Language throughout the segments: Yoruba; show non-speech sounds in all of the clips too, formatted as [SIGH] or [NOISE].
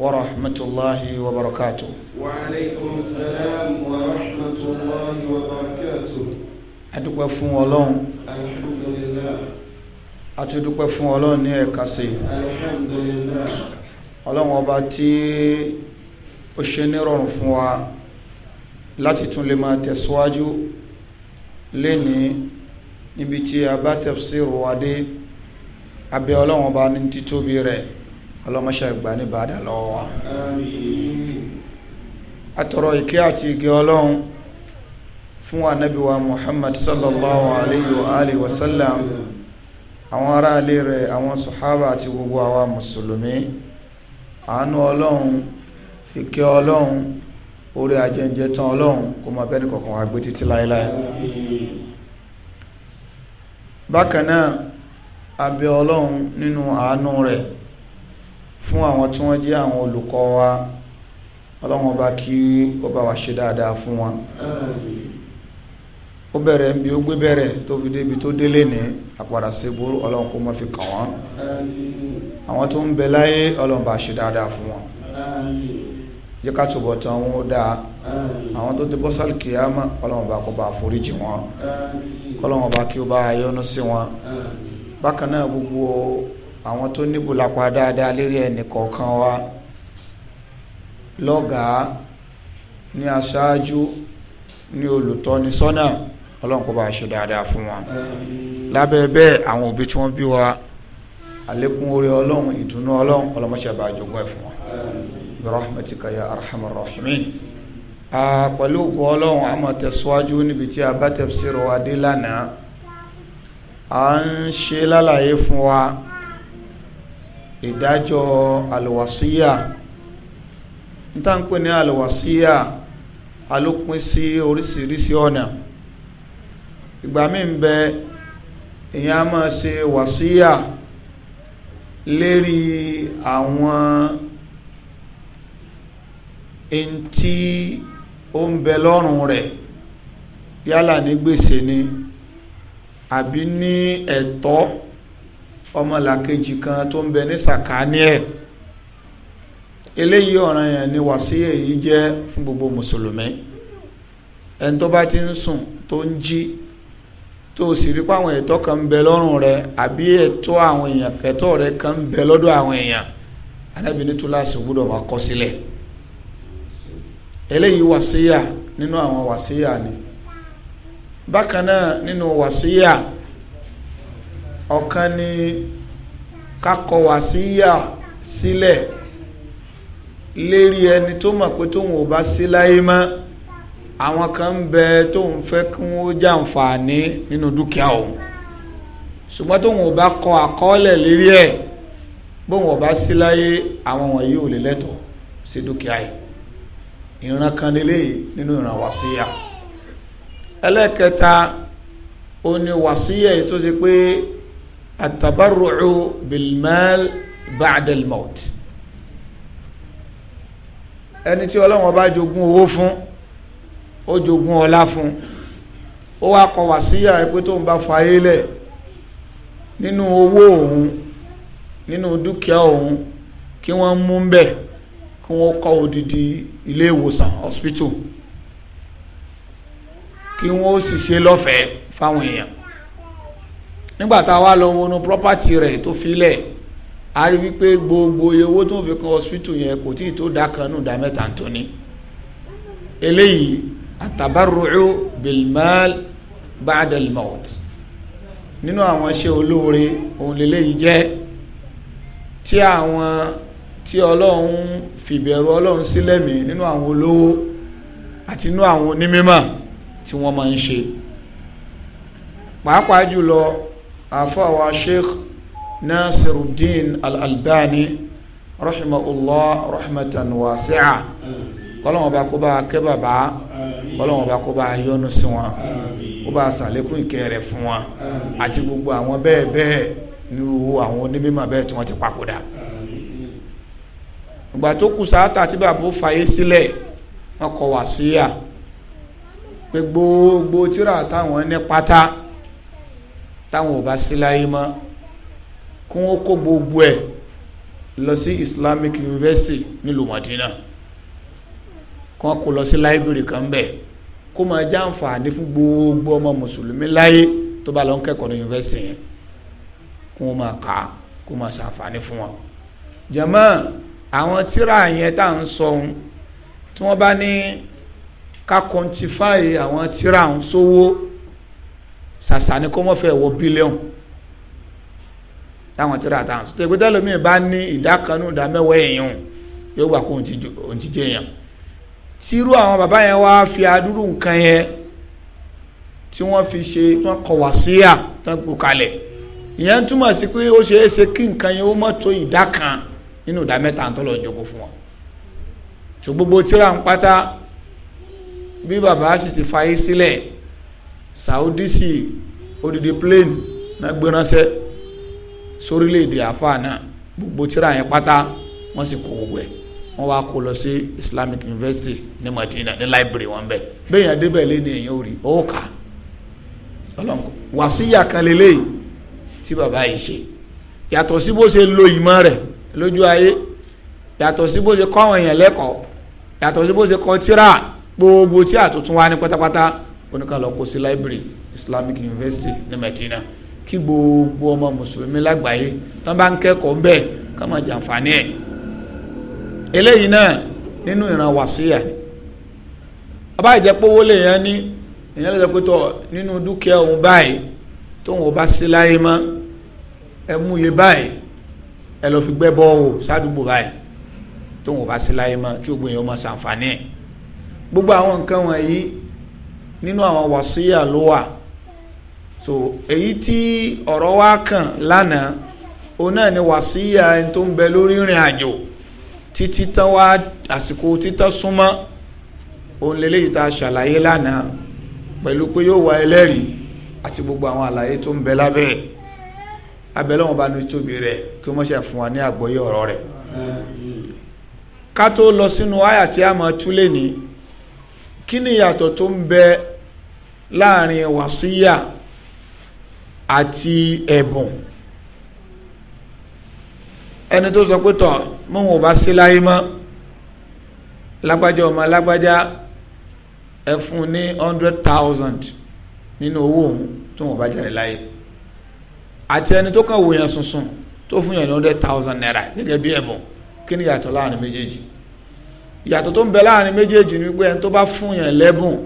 ورحمة الله وبركاته وعليكم السلام ورحمة الله وبركاته adúpẹ́ fún ọlọ́run alhamdulillah atúdúpẹ́ fún ọlọ́run ní ẹ̀ka sí alhamdulillah ọlọ́run ọba tí ó ṣe nírọ̀rùn fún wa láti tún lè máa tẹ̀síwájú lénìí níbi tí a bá tafsiru wa dé abẹ́ ọlọ́run ọba ní títóbi rẹ̀ ọlọ́mọṣẹ́ ìgbà ní bàdà lọ́wọ́ wa àtọ̀rọ̀ ìkẹ́ àti igi ọlọ́run fún ànábì wa Muhammad sallallahu alayhi wa alihi wa sallam àwọn ará ilé rẹ̀ àwọn sàhábà àti gbogbo àwa mùsùlùmí àánú ọlọ́run ìkẹ́ ọlọ́run orí ajẹ́jẹ́ tán ọlọ́run kò mọ̀ bẹ́ẹ̀ nìkọ̀kan wà gbé títí láíláí bákan náà abẹ́ ọlọ́run nínú àánú rẹ̀ fún àwọn tí wọ́n jẹ́ àwọn olùkọ́ wa ọlọ́wọ́n bá kí ó bá wa ṣe dáadáa fún wọn ó bẹ̀rẹ̀ bí ó gbé bẹ̀rẹ̀ tó fi débi tó délé ní àpàdà síbúrú ọlọ́run kó má fi kàn wọ́n àwọn tó ń bẹ láyé ọlọ́run bá ṣe dáadáa fún wọn yẹ ká túbọ̀ tán wọn ó dáa àwọn tó ti bọ́ sálì kìyàmá ọlọ́run bá kó bá foríjì wọn ọlọ́run bá kí ó bá yọ́nú sí wọn bákan náà gbogbo àwọn tó níbùlápá dáadáa lérí ẹnì kọ̀ọ̀kan wa lọ́gàá ní aṣáájú ní olùtọ́ni sọ́nà ọlọ́run kó bá ṣe dáadáa fún wa lábẹ́ bẹ́ẹ̀ àwọn òbí tí wọ́n bí wa àlékún orí ọlọ́run ìdùnnú ọlọ́run ọlọ́mọṣẹ́ bá jogún ẹ̀ fún wa bi rahmatika ya arhamar pẹ̀lú òkú ọlọ́run a máa tẹ̀síwájú níbi tí a bá tafsir wa dé lánàá à ń ṣe lálàyé fún wa ìdájọ́ alwasiya níta ń pè ní alwasiya alópin sí oríṣiríṣi ọ̀nà ìgbà míì ń bẹ èyàn a máa ṣe wàsíyà lérí àwọn ẹni tí ó ń bẹ lọ́rùn rẹ̀ yálà ní gbèsè ni àbí ní ẹ̀tọ́ e ọmọlàkejì kan tó ń bẹ ní sàkáání ẹ̀ eléyìí ọ̀ràn yẹn ni wàsíyà yìí jẹ́ fún gbogbo mùsùlùmí ẹni tó bá ti ń sùn tó ń jí tó o sì rí pé àwọn ẹ̀tọ́ kan ń bẹ lọ́rùn rẹ àbí ẹ̀tọ́ àwọn èèyàn ẹ̀tọ́ rẹ kan ń bẹ lọ́dọ̀ àwọn èèyàn anábì ní túláàsì gbọ́dọ̀ máa kọ sílẹ̀ eléyìí wàsíyà nínú àwọn wàsíyà ni bákan náà nínú wàsíyà. No ọ̀kan ni kakọ wàsíyà sílẹ̀ lérí ẹni tó mọ̀ pé tóun ò bá sí láyé mọ́ àwọn kan ń bẹ tóun fẹ́ kí wọ́n jàǹfààní nínú dúkìá òun ṣùgbọ́n tóun ò bá kọ àkọọ́lẹ̀ lérí ẹ̀ bóun ò bá sí láyé àwọn wọ̀nyí ò lè lẹ́tọ̀ọ́ sí kan nínú ìran ẹlẹ́kẹta yìí التبرع بالمال بعد maut ẹni tí ọlọ́wọ́n bá jogún owó fún ó jogún ọlá fún ó wá kọ wá síyà pé tó ń bá fayé lẹ̀ nínú owó òun nínú dúkìá òun kí wọ́n mú ń bẹ̀ kí wọ́n kọ́ odidi ilé ìwòsàn hospital kí wọ́n sì ṣe lọ́fẹ̀ẹ́ fáwọn èèyàn nígbà tá a wá lọ wọnú property rẹ̀ tó filẹ̀ a rí wípé gbogbo iye owó tó ń fi kan hospital yẹn kò tí ì tó dá kan nù dá mẹ́ta tó ní eléyìí atabarru'u bilmal ba'dal maut nínú àwọn iṣẹ́ olóore òun lélẹ́yìí jẹ́ tí àwọn tí ọlọ́run fìbẹ̀rù ọlọ́run sílẹ̀mí nínú àwọn olówó àti nínú àwọn onímímọ̀ tí wọ́n máa ń ṣe pàápàá jùlọ àfọwà sheikh nasiruddin al-albani rahimahullah rahmatan wasi'a kọ́lọ́wọ́n bá kó bá kẹ́ bàbá kọ́lọ́wọ́n bá kó bá yọ́nú sí wọn kó bá sàlékún ìkẹ́ rẹ̀ fún wọn àti gbogbo àwọn bẹ́ẹ̀ bẹ́ẹ̀ nírú àwọn onímọ̀ bẹ́ẹ̀ tí wọ́n ti papòdà ìgbà tó kù sáátà tí bàbá fàyè sílẹ̀ wọ́n kọ wàsíyà pé gbogbo tíra táwọn ní pátá táwọn ò bá sí láyé mọ́ kí wọ́n kó gbogbo ẹ̀ lọ sí Islamic University nílùú Madina kí wọ́n kó lọ sí láìbírì kan bẹ́ẹ̀ kó máa já àǹfààní fún gbogbo ọmọ mùsùlùmí láyé tó bá lọ ń kẹ́kọ̀ọ́ ní yunifásitì yẹn kó wọ́n máa kà á kó máa ṣàǹfààní fún wọn. jàmá àwọn tíra yẹn tá à ń sọ ohun tí wọ́n bá ní ká kọ́ntífáì àwọn tíra ń sówó. So sàṣà ni kọ́mọ́fẹ́ wọ bílíọ̀nù táwọn tí ra táwọn sọtẹ́ ìgbésẹ̀ lómi bá ní ìdá kanú ìdá mẹ́wàá èèyàn yóò gbà kó òun ti jẹ èèyàn tírú àwọn bàbá yẹn wá fi adúrú nǹkan yẹn tí wọ́n fi ṣe wọ́n kọ̀ wá síyà tán gbò kalẹ̀ ìyẹn túmọ̀ sí pé ó ṣeé ṣe kí nǹkan yẹn ó mọ̀ tó ìdá nínú ìdá tó lọ jogo fún wọn tó gbogbo tíra ń pátá bí bàbá sì ti fa yé sílẹ̀ Saudi sì odidi plane náà gbé ránṣẹ́ sórílẹ̀-èdè àfáà náà gbogbo tíra yẹn pátá wọ́n sì kó gbogbo ẹ̀ wọ́n wá kó lọ sí Islamic University ní Madina ní library wọn bẹ́ẹ̀ bẹ́ẹ̀ yẹn débẹ̀ lé ní èèyàn ò rí ó kà ọlọ́run wàsíyà kan lélẹ́yìí tí bàbá yìí ṣe yàtọ̀ sí bó ṣe lo ìmọ̀ rẹ̀ lójú ayé yàtọ̀ sí bó ṣe kọ́ àwọn èèyàn lẹ́kọ̀ọ́ yàtọ̀ sí bó ṣe kọ́ tíra gbogbo tí àtúntún wa ní pátápátá oníkàlọ́ kó sí library Islamic University ní Medina kí gbogbo ọmọ mùsùlùmí lágbàáyé tán bá ń kẹ́kọ̀ọ́ ń bẹ̀ ká máa jàǹfààní ẹ̀ eléyìí náà nínú ìran wàsíyà ni abá ìjẹpówó lè yan ní èèyàn lè sọ pé tọ nínú dúkìá òun báyìí tóun ò bá sí láyé mọ́ ẹ mú iye báyìí ẹ lọ fi gbẹ́ bọ́ o sádùúgbò báyìí tóun ò bá sí láyé mọ́ kí gbogbo èèyàn máa ṣàǹfààní ẹ̀ gbogbo àwọn nǹkan wọ̀nyí nínú àwọn wàsíyà ló wà so èyí tí ọ̀rọ̀ wa kàn lánàá òun náà ni wàsíyà ẹni tó ń bẹ lórí ìrìn àjò títí tán wá àsìkò títán súnmọ́ òun lélẹ́yìí tá a ṣàlàyé lánàá pẹ̀lú pé yóò wá ẹlẹ́rìí àti gbogbo àwọn àlàyé tó ń bẹ lábẹ́ abẹ́lẹ́ wọn bá ní tóbi rẹ̀ kí wọ́n ṣe fún wa ní àgbọ́yé ọ̀rọ̀ rẹ̀ ká tó lọ sínú àyà tí a máa túlé ní kí ni ìyàtọ̀ tó ń bẹ láàrin wàsíyà àti ẹ̀bùn ẹni tó sọ pé tọ̀ mọ́ wọn ò bá sí láyé mọ́ lágbájá ọmọ lágbájá ẹ fún ní hundred thousand nínú owó òun tó wọn bá jáde láyé àti ẹni tó kàn wòyàn sunsun tó fún yàn ní hundred thousand naira gẹ́gẹ́ bí ẹ̀bùn kí ni yàtọ̀ láàrin méjèèjì yàtọ̀ tó ń bẹ láàrin méjèèjì ni pé ẹni tó bá fún yàn lẹ́bùn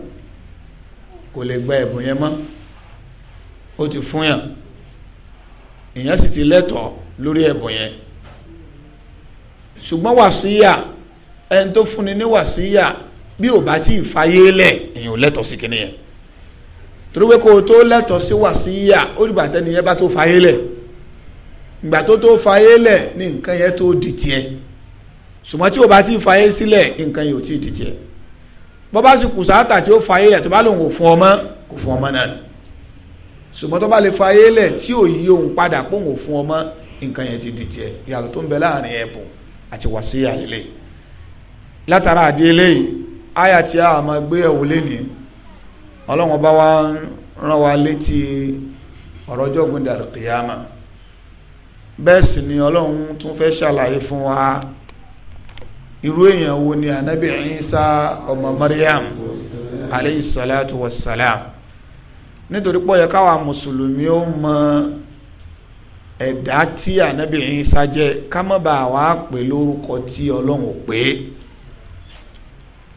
kò lè gba ẹ̀bùn yẹn mọ́ ó ti fún yàn èèyàn sì ti lẹ́tọ̀ọ́ lórí ẹ̀bùn yẹn ṣùgbọ́n wàsíyà ẹni tó fúnni ní wàsíyà bí ò bá tí ì fayé lẹ̀ èèyàn ò lẹ́tọ̀ọ́ sí kinní yẹn torí pé kó o tó lẹ́tọ̀ọ́ sí wàsíyà ó dìgbà tẹ́ni yẹn bá tó fayé lẹ̀ ìgbà tó tó fayé lẹ̀ ní nǹkan yẹn tó di tiẹ̀ ṣùgbọ́n tí ò bá tí ì fayé sílẹ̀ nǹkan yẹn ò tí ì di tiẹ̀ bó bá sì kù sáàtà tí ó fa ayé lẹ̀ tó bá lòun kò fún ọmọ kò fún ọmọ náà ṣùgbọ́n tó bá lè fa ayé lẹ̀ tí ò yí òun padà pé òun ò fún ọmọ nǹkan yẹn ti di tiẹ̀ ìyàtọ̀ tó ń bẹ láàrin ẹ̀bùn àti wàsíyà lélẹ̀ látara àdé eléyìí àyà tí a máa gbé ẹ̀wò lẹ́nìí ọlọ́run bá wa rán wa létí ọ̀rọ̀ ọjọ́ gbọ́ndà kìyàmà bẹ́ẹ̀ sì ni ọlọ́run tún fẹ́ ṣàlàyé fún wa irú èèyàn wo ni anabi Isa ọmọ Maryam aleyhi salatu wa salam nítorí pọ̀ yẹ káwa mùsùlùmí ó mọ ẹ̀dá tí anabi Isa jẹ́ ká má bàa wá pè lórúkọ tí ọlọ́run ò pè é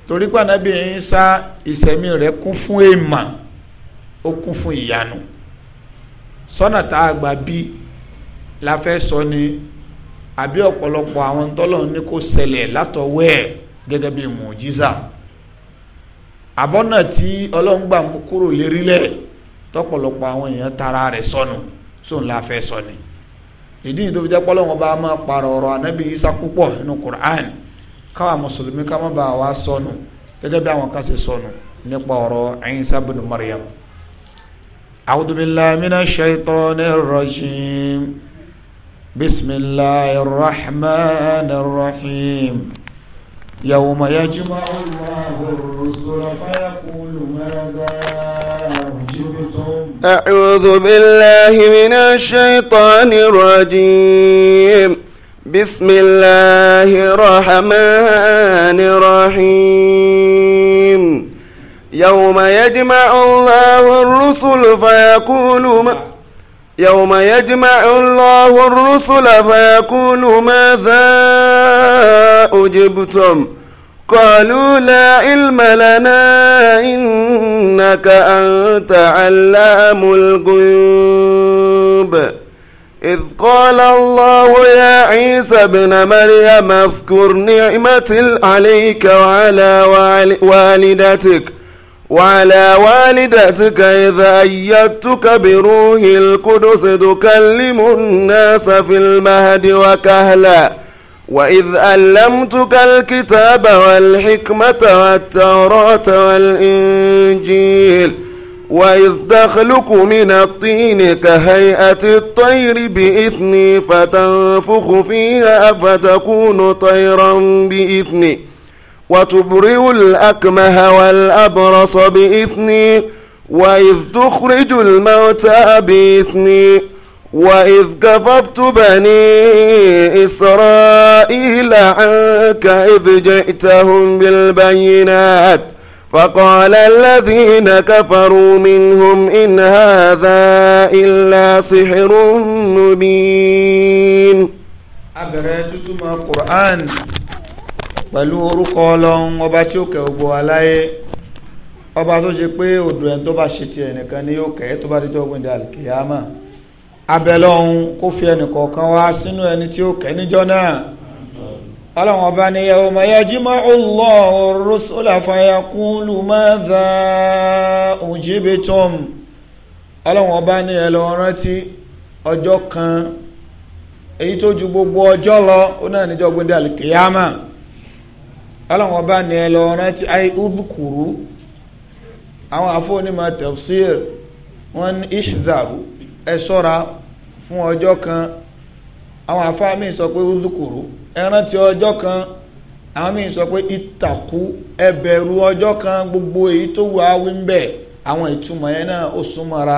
torí pé anabi Isa ìsẹ̀mí rẹ̀ kún fún èèmà ó kún fún ìyanu sọ́nà tá a gbà bí la fẹ́ sọ ni àbí ọ̀pọ̀lọpọ̀ àwọn tọ́lọ̀ ní kò ṣẹlẹ̀ látọwọ́ ẹ̀ gẹ́gẹ́ bí mùjíza àbọ̀nà tí ọlọ́run gbà mú kúrò lérílẹ̀ tọ́pọ̀lọpọ̀ àwọn èèyàn tara rẹ̀ sọnù sóun la fẹ́ sọ ni ìdí yìí tó fi jẹ́ pé ọlọ́run bá máa parọ̀ ọ̀rọ̀ anábì isa púpọ̀ nínú Qur'an káwa mùsùlùmí ká má bàa wá sọnù gẹ́gẹ́ bí àwọn kan ṣe sọnù nípa ọ̀rọ̀ Isa bin Maryam. A'udhu billahi minash shaitonir rajim. بسم الله الرحمن الرحيم يوم يجمع الله الرسل فيقول ماذا أعوذ بالله من الشيطان الرجيم بسم الله الرحمن الرحيم يوم يجمع الله الرسل فيقول ما يوم يجمع الله الرسل فيقول ماذا أجبتم قالوا لا علم لنا إنك أنت علام الغيوب إذ قال الله يا عيسى ابن مريم اذكر نعمتي عليك وعلى والدتك وعلى والدتك إذا أيدتك بروح القدس تكلم الناس في المهد وكهلا وإذ ألمتك الكتاب والحكمة والتوراة والإنجيل وإذ تخلق من الطين كهيئة الطير بإثني فتنفخ فيها فتكون طيرا بإثني وتبرئ الأكمه والأبرص بإثني وإذ تخرج الموتى بإثني وإذ كففت بني إسرائيل عنك إذ جئتهم بالبينات فقال الذين كفروا منهم إن هذا إلا سحر مبين أبرأت القرآن pẹ̀lú orúkọ ọlọ́run ọba tí ó kẹ́ gbogbo aláyé ọba tó ṣe pé odò ẹni tó bá ṣe ti ẹnìkan ni yóò kẹ́ tó bá dídọ́ gbìndé alkiyama abẹ́lọ́hun kó fi ẹnìkọ̀ọ̀kan wá sínú ẹni tí ó níjọ́ náà ọlọ́run ọba ni ẹ rántí ọjọ́ kan èyí tó ju ọlọ́wọ́n bá ní ẹ lọ rántí ayé udhkuru àwọn afọ́nímọ̀ tafsir wọ́n ní ihzaru ẹ sọ́ra fún ọjọ́ kan àwọn mi sọ pe udhkuru ẹ ti ọjọ́ kan àwọn mi sọ pe ịtakụ ẹ ọjọ́ kan gbogbo eyi to wù áwí ń bẹ̀ na ìtumọ̀ mara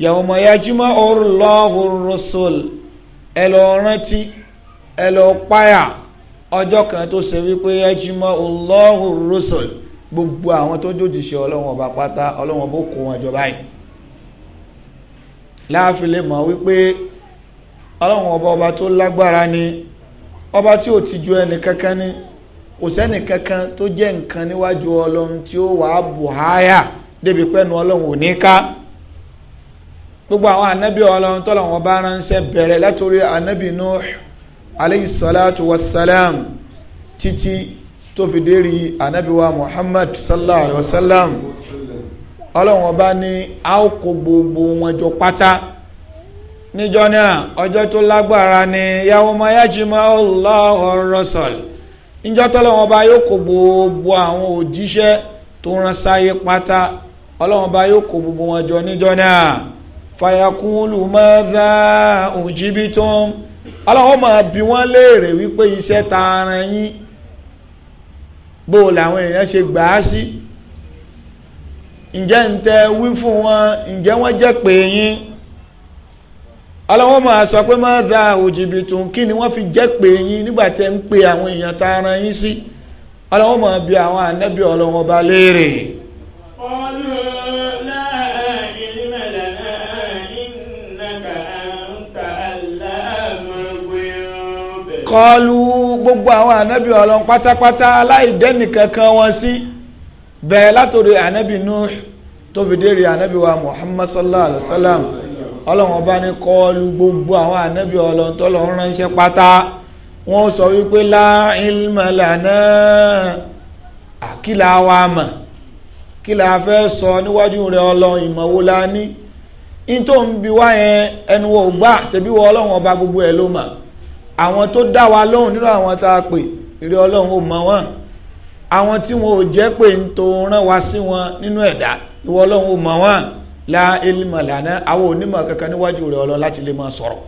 yawma rusul ọjọ́ kan tó ṣe wípé ẹjímọ́ ọlọ́hùn rọ́sọ̀l gbogbo àwọn tó jòjìṣẹ́ ọlọ́wọ́n ọba pátá ọlọ́wọ́n bó kó wọn jọ báyìí láàfin lè mọ̀ wípé ọlọ́wọ́n ọba ọba tó lágbára ni ọba tí ò ti ju ẹnì kankan ni kò sẹ́nì kankan tó jẹ́ nǹkan níwájú ọlọ́run tí ó wàá bù háyà débi pẹ́nu ò ní ká gbogbo àwọn ọlọ́run tọ́lọ́wọ́n bá ránṣẹ́ bẹ̀rẹ̀ látòrí aleyhi salatu wa salam títí tó fi dérí anabiwa muhammad sallallahu alayhi wa sallam ọlọ́run ọba ní a ó kó gbogbo wọn jọ pátá níjọ náà ọjọ́ tó lágbára ni yawma yajma'u Allahu ar-rusul níjọ́ tọ́lọ́run ọba yóò kó gbogbo àwọn òjíṣẹ́ tó rán sáyé pátá ọlọ́run ọba yóò kó gbogbo wọn jọ níjọ náà fayaqulu madha ujibitum ọlọ́wọ́ máa bi wọ́n léèrè wípé iṣẹ́ ta ara yín bó làwọn èèyàn ṣe gbà á sí ǹjẹ́ ń tẹ wí fún wọn ǹjẹ́ wọ́n jẹ́ pé yín ọlọ́wọ́ máa sọ pé má dá òjìbì tún kí ni wọ́n fi jẹ́ pé yín nígbà tẹ́ ń pe àwọn èèyàn ta ara yín sí ọlọ́wọ́ máa bi àwọn ànábì ọlọ́wọ́ bá léèrè. kọlu gbogbo àwọn ànábì ọlọ́run pátápátá aláìdẹ́nì kankan wọn sí bẹ̀rẹ̀ látòrí ànábì Nuh tó fi ànábì wa Muhammad sallallahu alayhi wa sallam ọlọ́run ọba ní kọlu gbogbo àwọn ànábì ọlọ́run tọ́lọ́run ránṣẹ́ pátá wọ́n sọ wípé la àkìlà wa mọ̀ kí la fẹ́ sọ níwájú rẹ̀ ọlọ́run ìmọ̀wó la ní ní tó ń bi wá yẹn ẹnu wo gbà ṣèbí wọ ọlọ́run ọba gbogbo ẹ̀ ló mọ̀ àwọn tó dá wa lóhùn nínú àwọn tá a pè ìrẹ ọlọ́run ò mọ wọn àwọn tí wọn ò jẹ́ pé ń tó rán wa sí wọn nínú ẹ̀dá ìwọ ọlọ́run ò mọ wọn la ilmọ̀ lànà àwọn onímọ̀ kankan níwájú rẹ ọlọ́run láti lè máa sọ̀rọ̀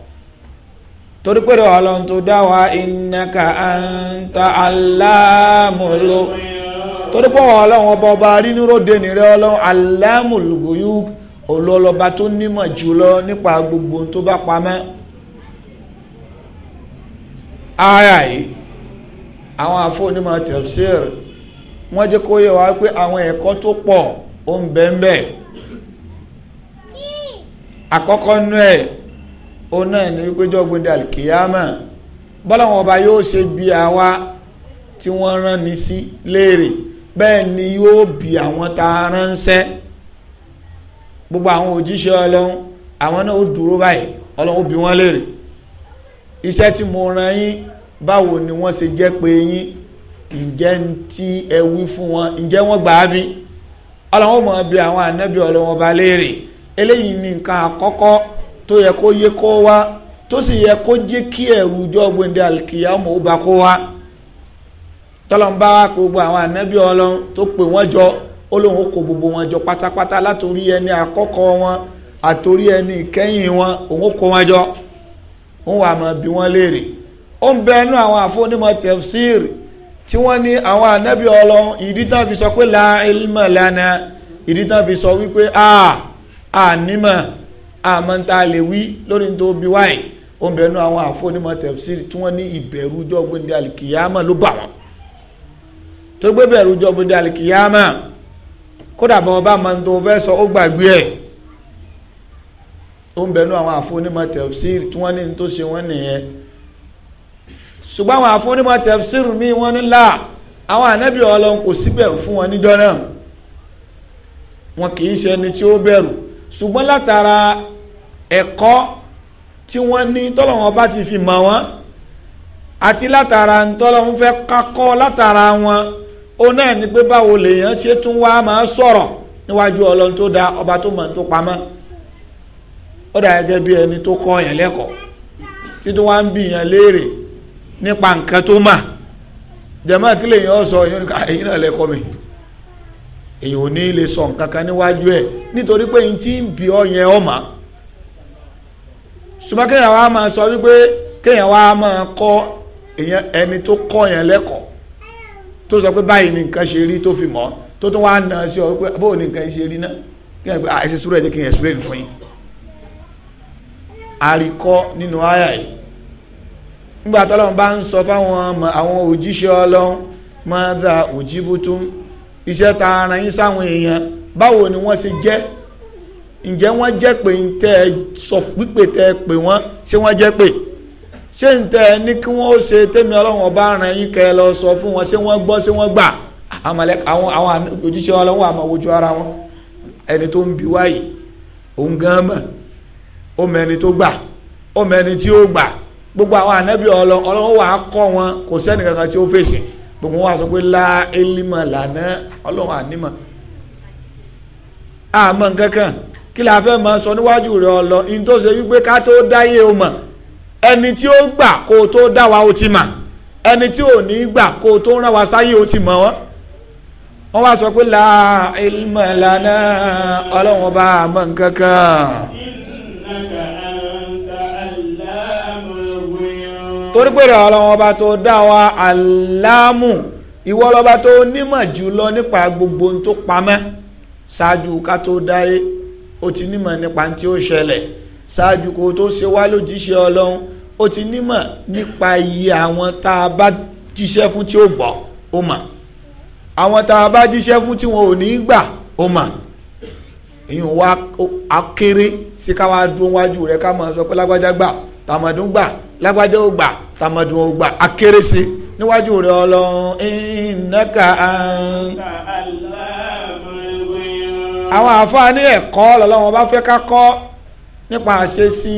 torí pé ọlọ́run tó dá wa innaka anta aláàmúlò torí pé ọlọ́run ọba ọba rínúróde nìrẹ ọlọ́run aláàmúlò gòyú olólọba tó nímọ̀ jùlọ nípa gbogbo tó bá pamẹ́ aya yìí àwọn afọ́nímọ̀ tafsir wọ́n jẹ́ kó yẹ wá pé àwọn ẹ̀kọ́ tó pọ̀ ó ń bẹ ń bẹ àkọ́kọ́ nú ẹ̀ ó náà ní wípé jọ́gbìn dàlkìyàmà bọ́lá wọn ọba yóò ṣe bí àwa tí wọ́n rán ni sí léèrè bẹ́ẹ̀ ni yóò bí àwọn tá a ránṣẹ́ gbogbo àwọn òjíṣẹ́ ọlọ́run àwọn náà ó dúró báyìí ọlọ́run ó bí wọ́n léèrè iṣẹ́ tí mo rán yín báwo ni wọ́n ṣe jẹ́ pé yín ǹjẹ́ tí ẹ wí fún wọn ǹjẹ́ wọ́n gbà á bí ọlọ́wọ́n mọ̀ bí àwọn ànábì ọlọ́wọ́n bá léèrè eléyìí ni nǹkan àkọ́kọ́ tó yẹ kó yé kó wá tó sì yẹ kó jẹ́ kí ẹ̀rù jọ gbẹ̀ndẹ̀ àlùkìyàmọ̀ ó bá kó wá tọ́lọ́n gbogbo àwọn ànábì ọlọ́run tó pè wọ́n jọ ó lóun gbogbo wọn jọ pátápátá látòrí ẹni àkọ́kọ́ wọn àtòrí ẹni ìkẹyìn wọn òun ó wọn jọ ń wà mọ́ bí wọ́n léèrè ó ń bẹ inú àwọn àfọ́nímọ̀ tafsir tí wọ́n ní àwọn ànábì ọlọ́run ìdí tán fi sọ pé la ilma lana ìdí tán fi sọ wípé a ànímọ̀ àmọ́ a lè wí lórí tó bí wáyé ó ń bẹ inú àwọn àfọ́nímọ̀ tafsir tí wọ́n ní ìbẹ̀rù jọ́gbìndé alìkìyàmà ló bà wọ́n tó gbé bẹ̀rù jọ́gbìndé alìkìyàmà kódà bọ́n ó ń bẹnu àwọn àfónímọ̀ tẹ̀fsíìrì tí wọ́n ní tó ṣe wọ́n nìyẹn ṣùgbọ́n àwọn àfónímọ̀ tẹ̀fsíìrì míì wọ́n ní là àwọn ànábì ọlọ́run kò síbẹ̀ fún wọn níjọ́ náà wọn kì í ṣe ẹni tí ó bẹ̀rù ṣùgbọ́n látara ẹ̀kọ́ tí wọ́n ní tọ́lọ́wọ́n bá ti fi mọ̀ wọ́n àti látara ntọ́lọ́wọ́n fẹ́ kakọ́ látara wọn ó náà ní pé báwo lèèyàn ṣe tún wá máa sọ̀rọ̀ níwájú ọlọ́run tó da ọba tó mọ̀ tó pamọ́ ó dà gẹ́gẹ́ bí ẹni tó kọ́ yẹn lẹ́kọ̀ọ́ títí wọ́n á ń bì yẹn léèrè nípa nǹkan tó mà jẹ̀mọ́ yẹn sọ ẹ̀yin mi èyàn ò ní sọ nǹkan kan níwájú ẹ̀ nítorí pé ọ ṣùgbọ́n kéèyàn wá máa sọ wípé kéèyàn wá máa kọ́ ẹni tó kọ́ yẹn fi mọ́ tó tún wá ọ pé bóò ni nǹkan ṣe rí náà ẹ ṣe sùúrù ẹ jẹ́ explain fún yín. àríkọ́ nínú àyà yìí nígbà tọ́lọ́run bá ń sọ fáwọn ọmọ àwọn òjíṣẹ́ ọlọ́run máa dá iṣẹ́ ta ara yín sáwọn èèyàn ni wọ́n ṣe jẹ́ ǹjẹ́ wọ́n jẹ́ pé ń tẹ́ ẹ sọ pípé tẹ́ ẹ pé wọ́n ṣé wọ́n jẹ́ pé ṣé ń tẹ́ ọba ara yín kẹ́ ẹ sọ fún wọn ṣé wọ́n gbọ́ ṣé wọ́n gbà àwọn òjíṣẹ́ ọlọ́run ara wọn ẹni tó ń bi wáyé òun omeni tó gbà omeni tí ó gbogbo àwọn ànábì ọlọ Ọlọ́run wọn kò sẹ́ni kankan tí ó fèsì gbogbo wọn sọ pé la elima lànà Ọlọ́run ànímọ àmọ́ nkankan kí la fẹ́ mọ sọ níwájú rẹ ọlọ in wípé ká tó dáyé o mọ̀ ẹni tí ó gbà kó o tó dá wa o ti ẹni tí ò ní gbà kó o elima lana ọba àmọ́ nkankan. torí pé ọlọ́wọ́n ọba tó dá wa aláàmù ìwọ lọ́ba tó nímọ̀ jù lọ nípa gbogbo ohun tó pamẹ́ ṣáájú ká tó dáyé ó ti nímọ̀ nípa tí ó ṣẹlẹ̀ ṣáájú kó tó ṣe wá lójíṣẹ́ ọlọ́run ó ti nímọ̀ nípa iye àwọn tá a bá jíṣẹ́ fún tí ó gbọ́ ó mọ̀ àwọn tá a bá jíṣẹ́ fún tí wọn ò ní í gbà ó mọ̀ èyí wá akéré sí ká wá dún wájú rẹ ká máa sọ pé lágbájá gbà tàmọ̀dún gbà lágbájá ò gbà tàmọ̀dún ò gbà akéré sí níwájú rẹ ọlọ́run ìnáka àrùn. àwọn àǹfààní ẹ̀kọ́ lọ́lọ́run bá fẹ́ ká kọ́ nípa àṣẹ sí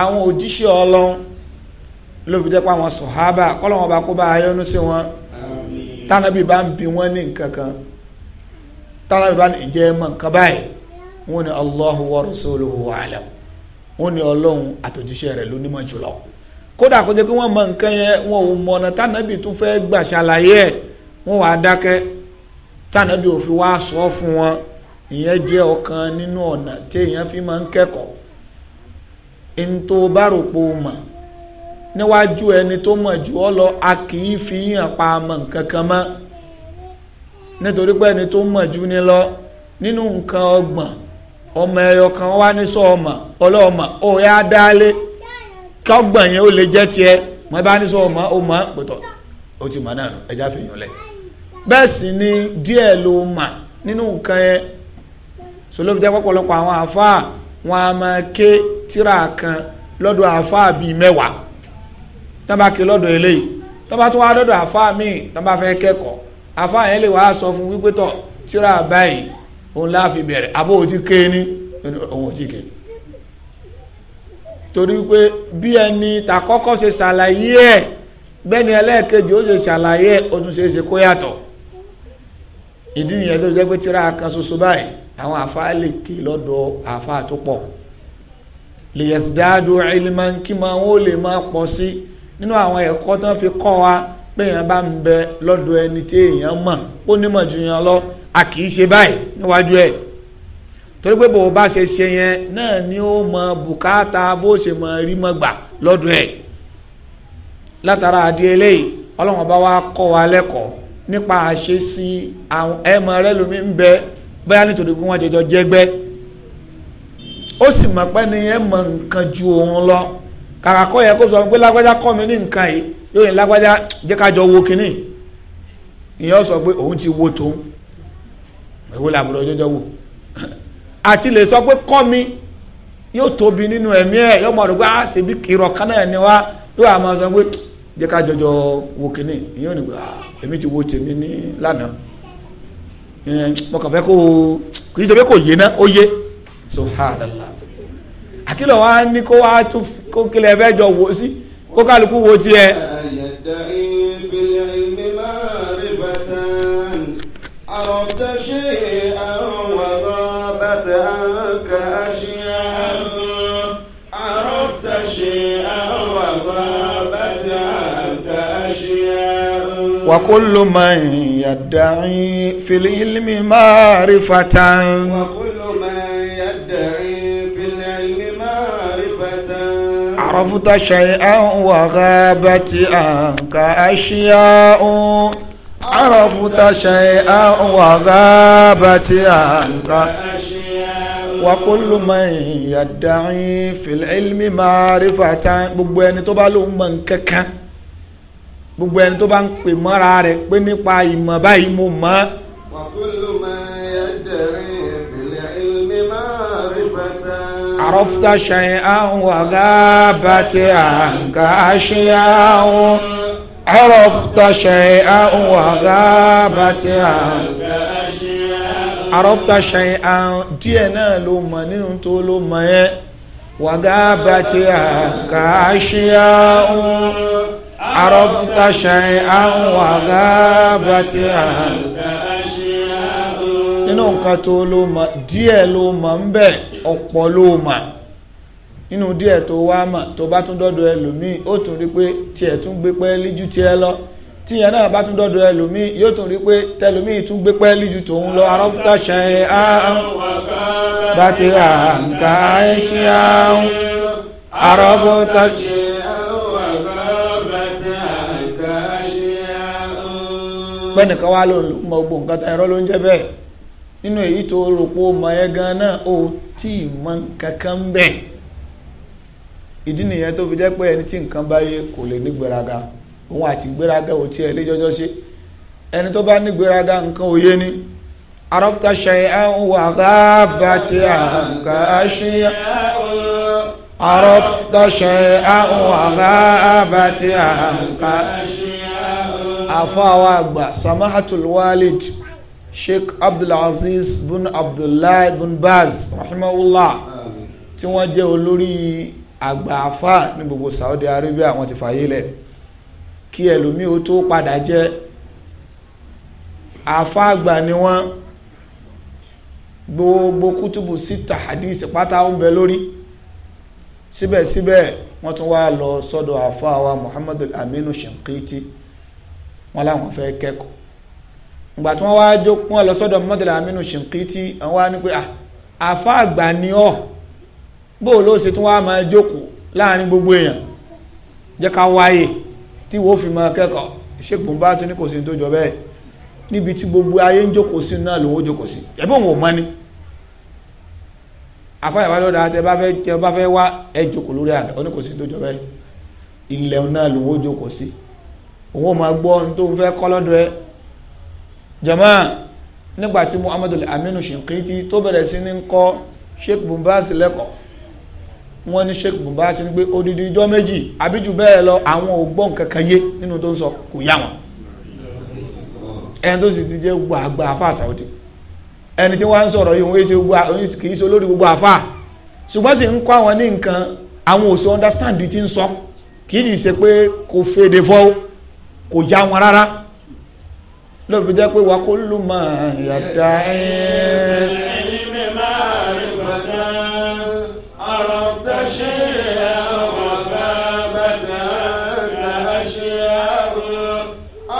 àwọn òjíṣẹ́ ọlọ́run ló fi àwọn sọ̀hábà kọ́lọ́wọ́n bá kó bá ayọ́nú sí wọn tánàbí bá ń bi wọ́n ní nǹkan kan tánàbí bá ń jẹ́ mọ̀ nǹkan báyìí wọ́n ní allahu wa rasuluhu wa alam wọ́n ní ọlọ́run àtòjíṣẹ́ rẹ̀ ló nímọ̀ jùlọ kódà kó jẹ́ pé wọ́n mọ nǹkan yẹn wọn ò mọ̀nà tànàbì tún fẹ́ gbà ṣàlàyé ẹ̀ wọ́n wàá dákẹ́ tànàbì ò fi wá sọ fún wọn ìyẹn jẹ́ ọ̀kan nínú ọ̀nà tí èèyàn fi máa ń kẹ́kọ̀ọ́ ntò bá rò pò mọ̀ níwájú ẹni tó mọ̀ jù ọ́ lọ a kì í fi hàn pa mọ̀ nǹkan kan mọ́ nítorí pé ẹni tó mọ̀ jù ni lọ nínú nǹkan ọgbọ̀n ọmọ ẹyọ kan wá ní sọ ọmọ ọlọ́ọ̀mọ ó yá dálé kọ́gbọ̀n yẹn ó lè jẹ́ tiẹ̀ wọ́n bá ní sọ ọmọ ó mọ̀ pẹ̀tọ̀ ó ti mọ̀ náà nù ẹja fi yàn lẹ̀ bẹ́ẹ̀ sì ni díẹ̀ ló mà nínú nǹkan yẹn sọlọ́bi jẹ́ pọ̀pọ̀lọpọ̀ àwọn àáfàá wọn a máa ké tíra kan lọ́dọ̀ àáfàá bíi mẹ́wàá tábà ké lọ́dọ̀ eléyìí tábà tún wá lọ́dọ̀ àáfàá míì tábà fẹ́ kẹ́kọ̀ọ́ àáfàá yẹn lè wá sọ fún wípé tọ̀ tíra báyìí òun láàfi bẹ̀rẹ̀ abó ò ké ní òun ò bi ké torí pé bí ẹni tàkọ́kọ́ ṣe ṣàlàyé ẹ̀ bẹ́ẹ̀ni ẹlẹ́ẹ̀kejì ó ṣe ṣàlàyé ẹ̀ ṣe é ṣe kó yàtọ̀ ìdí nìyẹn tó jẹ́ pé tíra kan ṣoṣo báyìí àwọn àfáà lè ké lọ́dọ̀ àfáà tó pọ̀ lè yẹ̀sìdáàdù ilman kí máa wọ́n lè máa pọ̀ sí nínú àwọn ẹ̀kọ́ fi kọ́ wa a kì í ṣe báyìí níwájú ẹ torí pé bó o bá ṣe ṣe yẹn náà ni ó mọ bùkátà bó ṣe mọ rí mọ gbà lọ́dún ẹ látara àdí eléyìí ọlọ́wọ́n bá wa kọ́ wa lẹ́kọ̀ọ́ nípa àṣe sí àwọn ẹ̀mọ rẹ lómi ń bẹ bóyá nítorí pé wọ́n jẹjọ jẹgbẹ́ ó sì mọ̀ pé ni ẹ̀ mọ nǹkan ju òun lọ kàkà kọ́ yẹ kó sọ pé lágbájá kọ́ mi ní nǹkan yìí yóò ní lágbájá jẹ́ ká jọ wo kínní ìyẹn sọ pé òun ti wo tòun ìwé làbúrò jọjọ wò àti lè sọ pé kọ́ mi yóò tóbi nínú ẹ̀mí ẹ̀ yóò mọ̀ rògbé àá ah, ṣèbí kìrọ̀ kan náà ni wá yóò àmọ́ sọ pé jẹ́ ká jọjọ wo kìnnì ìyóò ní ah, èmi ti wo tèmi ní lánàá mo kàn fẹ́ kó o kì í ṣe kò yé ná ó yé subhanallah àkìlọ̀ wa ní kó wa tún kó kílẹ̀ fẹ́ jọ wò sí kó kálukú wo tiẹ̀. عرفت شيئا وغابت عنك أشياء عرفت شيئا وغابت عنك أشياء وكل من يدعي في العلم معرفة وكل من يدعي في العلم معرفة عرفت شيئا وغابت عنك أشياء عرفت شيئا وغابت عنك وكل من يدعي في العلم معرفة gbogbo ẹni tó bá lóun mọ̀ nǹkankan gbogbo ẹni tó bá ń pè mọ́ra rẹ̀ pé nípa ìmọ̀ وكل من يدعي في العلم معرفة عرفت شيئا وغابت عنك أشياء. عرفت شيئا وغابت عرفت شيئا díẹ̀ náà ló mọ̀ nínú tó ló mọ̀ عرفت شيئا وغابت عنك أشياء nínú nǹkan tó ló mọ̀ nínú díẹ̀ tó wá mọ̀ tó bá tún dọ́dọ̀ ẹlòmíì ó tún rí pé tiẹ̀ tún gbé pẹ́ẹ́lí ju tiẹ̀ lọ tíyẹn náà bá tún dọ́dọ̀ ẹlòmíì yóò tún rí pé tẹlòmíì tún gbé pẹ́ẹ́lí ju tòun lọ arọ́fútà ṣẹ́yìn áhùn bá ti áhùn arọ́fútà ṣẹ́yìn. wá ló ń mọ gbogbo nǹkan tán ẹ̀rọ ló ń jẹ́ bẹ́ẹ̀ nínú èyí tó ìdí nìyẹn tó fi jẹ́ pé ẹni tí nǹkan bá yé kò lè ní gbéraga òun àti gbéraga ò tiẹ̀ lé jọjọ́ ṣe ẹni tó bá ní gbéraga nǹkan òye ni arọ́pútà ṣayé àwọn wàhálà tí a nǹkan á arọ́pútà ṣayé àwọn wàhálà tí a nǹkan á ṣe àfáwà àgbà samahatul walid sheikh abdulaziz bin abdullahi bin baz rahimahullah tí wọ́n jẹ́ olórí àgbà àfà ní gbogbo Saudi Arabia wọ́n ti fàyè lẹ̀ kí ẹlòmíì ó tó padà jẹ́ àfà àgbà ni wọ́n gbogbo kútùbù síta hadith pátá ó bẹ lórí síbẹ̀síbẹ̀ wọ́n tún wá lọ sọ́dọ̀ àfà wa Muhammadu Aminu Shankiti wọ́n láwọn fẹ́ kẹ́kọ̀ọ́ ìgbà tí wọ́n wá jókòó lọ sọ́dọ̀ Muhammadu Aminu Shankiti àwọn wá ní pé àfà àgbà ni ọ́ bóò ló ṣe tún wá máa jókòó láàrin gbogbo èèyàn jẹ́ ká wáyè tí wọ́n fi máa kẹ́kọ̀ọ́ ṣègùn bá sí ní kò sí tó jọ bẹ́ẹ̀ níbi tí gbogbo ayé ń jókòó sí náà lòun ó jókòó sí ẹ̀bí òun ò mọ́ ni afáyàwá lọ́dọ̀ àti ẹ bá fẹ́ tẹ bá fẹ́ wá ẹ jókòó lórí àga ó ní kò sí tó jọ bẹ́ẹ̀ ilẹ̀ náà lòun ó jókòó sí òun ò máa gbọ́ ohun tó fẹ́ kọ́ lọ́dọ̀ ẹ jọ̀mọ́ nígbà tí Muhammadu Aminu Shinkiti tó bẹ̀rẹ̀ sí ní ń kọ́ Sheikh Bumbasi lẹ́kọ̀ọ́ wọ́n ní sheikh bùbá sí pé odidi ijọ́ méjì àbíjù bẹ́ẹ̀ lọ àwọn ò gbọ́ nǹkan kan yé nínú tó ń sọ kò yá wọn ẹni tó sì ti jẹ́ gbogbo àgbà afa Saudi ẹni tí wọ́n ń sọ̀rọ̀ yìí òun ṣe gbogbo òun kì í ṣe olórí gbogbo afa. ṣùgbọ́n sì ń kọ́ àwọn ní nǹkan àwọn ò understand ti ń sọ kì í ṣe pé kò fèdè fọ́ kò yá wọn rárá lóbi jẹ́ pé wàá kó lùmọ̀ yàtọ̀ ẹ́ẹ́.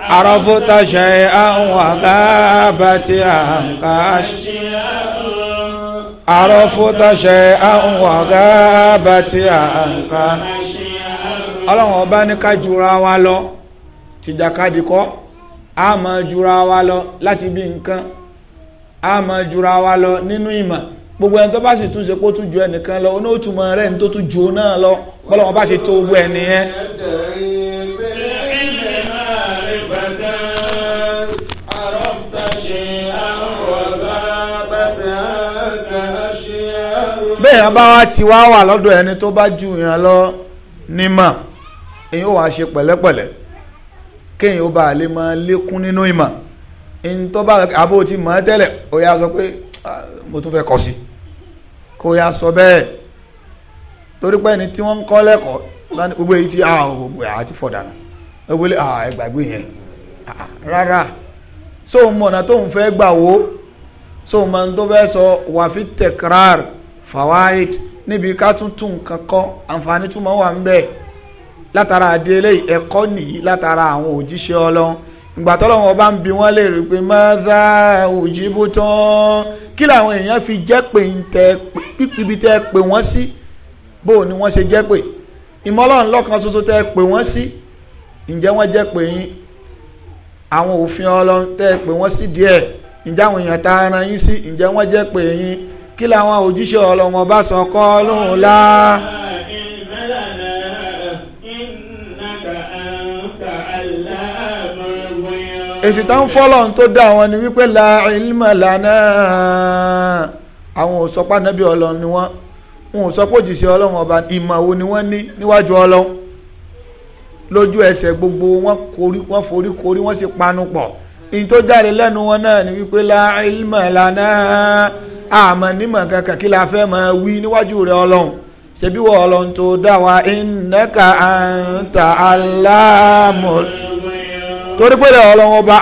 عرفت شيئا وغابت عنك عرفت شيئا وغابت عنك ọlọ́run ọba ní ká jura wa lọ tìjàkadì kọ́ a máa jura wa lọ láti bí nǹkan a máa jura wa lọ nínú ìmọ̀ gbogbo ẹni tó bá sì tún ṣe kó tún ju ẹnìkan lọ ní tó náà lọ tó gbogbo téèyàn bá wá ti wá wà lọ́dọ̀ ẹni tó bá ju yàn lọ nímọ̀ èyí ó ṣe pẹ̀lẹ́pẹ̀lẹ́ kéèyàn ó bá a lè máa lékún nínú ìmọ̀ ẹni tó bá abó ti sọ pé mo tún fẹ́ kọ́ sí sọ bẹ́ẹ̀ torí pé ẹni tí wọ́n ń kọ́ lẹ́kọ̀ọ́ gbogbo èyí gbogbo àá ti fọ̀ dànù gbogbo ẹ gbàgbé yẹn rárá so mọ̀nà tó fẹ́ gbà so mọ̀nà tó fẹ́ sọ wàá fi fawaid níbi ká tún tún nǹkan kọ́ àǹfààní tún máa wà ń bẹ látara àdéhélé ẹ̀kọ́ nìyí látara àwọn òjíṣẹ́ ọlọ́run ìgbà tọ́lọ́run ọba ń bi wọ́n léèrè pé mọ́tà òjìbó tán kí làwọn èèyàn fi jẹ́ pé ibi tẹ́ pè wọ́n sí bó ni wọ́n ṣe jẹ́ pé ìmọ̀lọ́run lọ́kan ṣoṣo tẹ́ pè wọ́n sí ǹjẹ́ wọ́n jẹ́ pé yín àwọn òfin ọlọ́run tẹ́ pè wọ́n sí díẹ̀ ǹjẹ́ àwọn èèyàn tá a yín sí ǹjẹ́ wọ́n jẹ́ pé yín kí làwọn òjíṣẹ́ ọlọ́wọ́n bá sọ kọ́ lóhùn lá. èsì tó ń fọ́lọ̀ tó dá àwọn ni wípé la ilma lana àwọn ò sọ pé ànábì ọlọ́run ni wọ́n wọn ò sọ òjíṣẹ́ ọlọ́run ọba ìmọ̀ wo ni wọ́n ní níwájú ọlọ́run lójú ẹsẹ̀ gbogbo wọn korí wọn forí korí wọn sì panu pọ̀ ìyìn tó jáde lẹ́nu wọn náà ni wípé la ilma lana àmọ́ nímọ̀ kankan kí la fẹ́ máa wí níwájú rẹ ọlọ́run ṣebí wọ ọlọ́run tó dá wa innaka anta aláàmù torí pé ọlọ́run ọba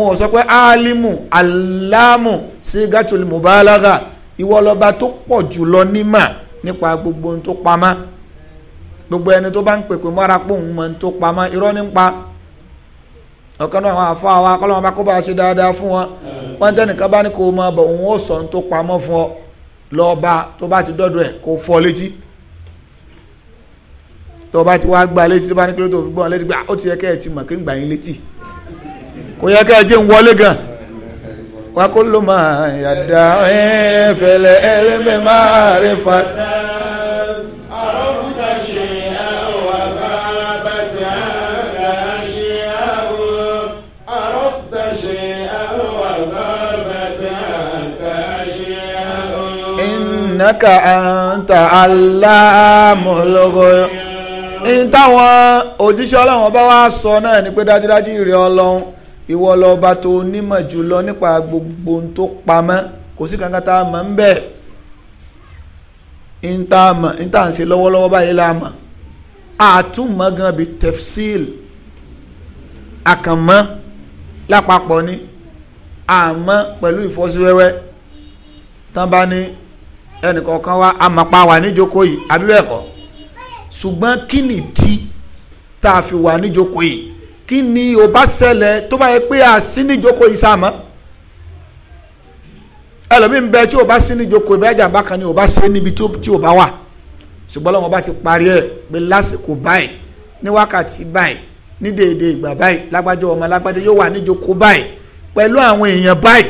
wọn sọ pé alimu aláàmù sí gàtúlì mùbálàgà ìwọ lọba tó pọ̀ jùlọ nímọ̀ nípa gbogbo ohun tó pamọ́ gbogbo ẹni tó bá ń pèpè mọ́ra pé òun mọ̀ ohun tó pamọ́ irọ́ nípa ọ̀kan náà àwọn àfa wa kọ́lọ́mọ bá kó bá a ṣe dáadáa fún wọn wọ́n tẹ́ nìkan bá ní kó o mọ bọ̀ òun ó sọ ohun tó pamọ́ fún ọ lọ́ọ̀ba tó bá ti dọ́dọ̀ ẹ̀ kó fọ́ létí tó bá ti wá gba létí tó bá ní kí ló tó fi gbọ́n létí gbà ó ti yẹ kẹ́ ẹ ti mọ̀ kí ń gbà yín létí kò yẹ kẹ́ ẹ jẹ́ ń wọlé gan wa kó ló máa yàda ẹ̀ fẹlẹ̀ ẹlẹ́mẹ̀ máa rẹ̀ fa. innaka anta allamul ghuyub ní táwọn òjíṣẹ́ ọlọ́run bá wá sọ náà ni pé dájúdájú ìrẹ́ ọlọ́run ìwọ lọ́ba tó nímọ̀ jùlọ nípa gbogbo ohun tó pamọ́ kò sí kankan tá a mọ̀ ń bẹ̀ ń tá a mọ̀ ń tá à ń ṣe lọ́wọ́lọ́wọ́ báyìí la mọ̀ àtúmọ̀ gan bíi tefsil àkànmọ́ lápapọ̀ ni àmọ́ pẹ̀lú ìfọ́síwẹ́wẹ́ tán bá ní ẹnìkọ̀ọ̀kan wa amapa wà níjókòó yìí àbí bẹ́ẹ̀ kọ́ ṣùgbọ́n kí ni tí tá a fi wà níjókòó yìí kí ni ó bá ṣẹlẹ̀ tó bá yẹ pé a sí níjókòó yìí sáàmọ́ ẹlòmíín bẹ tí ó bá sí níjókòó ìbẹ́ jàmbá kan ni ó bá ṣe níbi tí ó bá wà ṣùgbọ́n lọ́wọ́ bá ti parí ẹ̀ pé lásìkò báyìí ní wákàtí báyìí ní déédéé ìgbà báyìí lágbájọ ọmọ lágbájọ yóò wà níjókòó báyìí pẹ̀lú àwọn èèyàn báyìí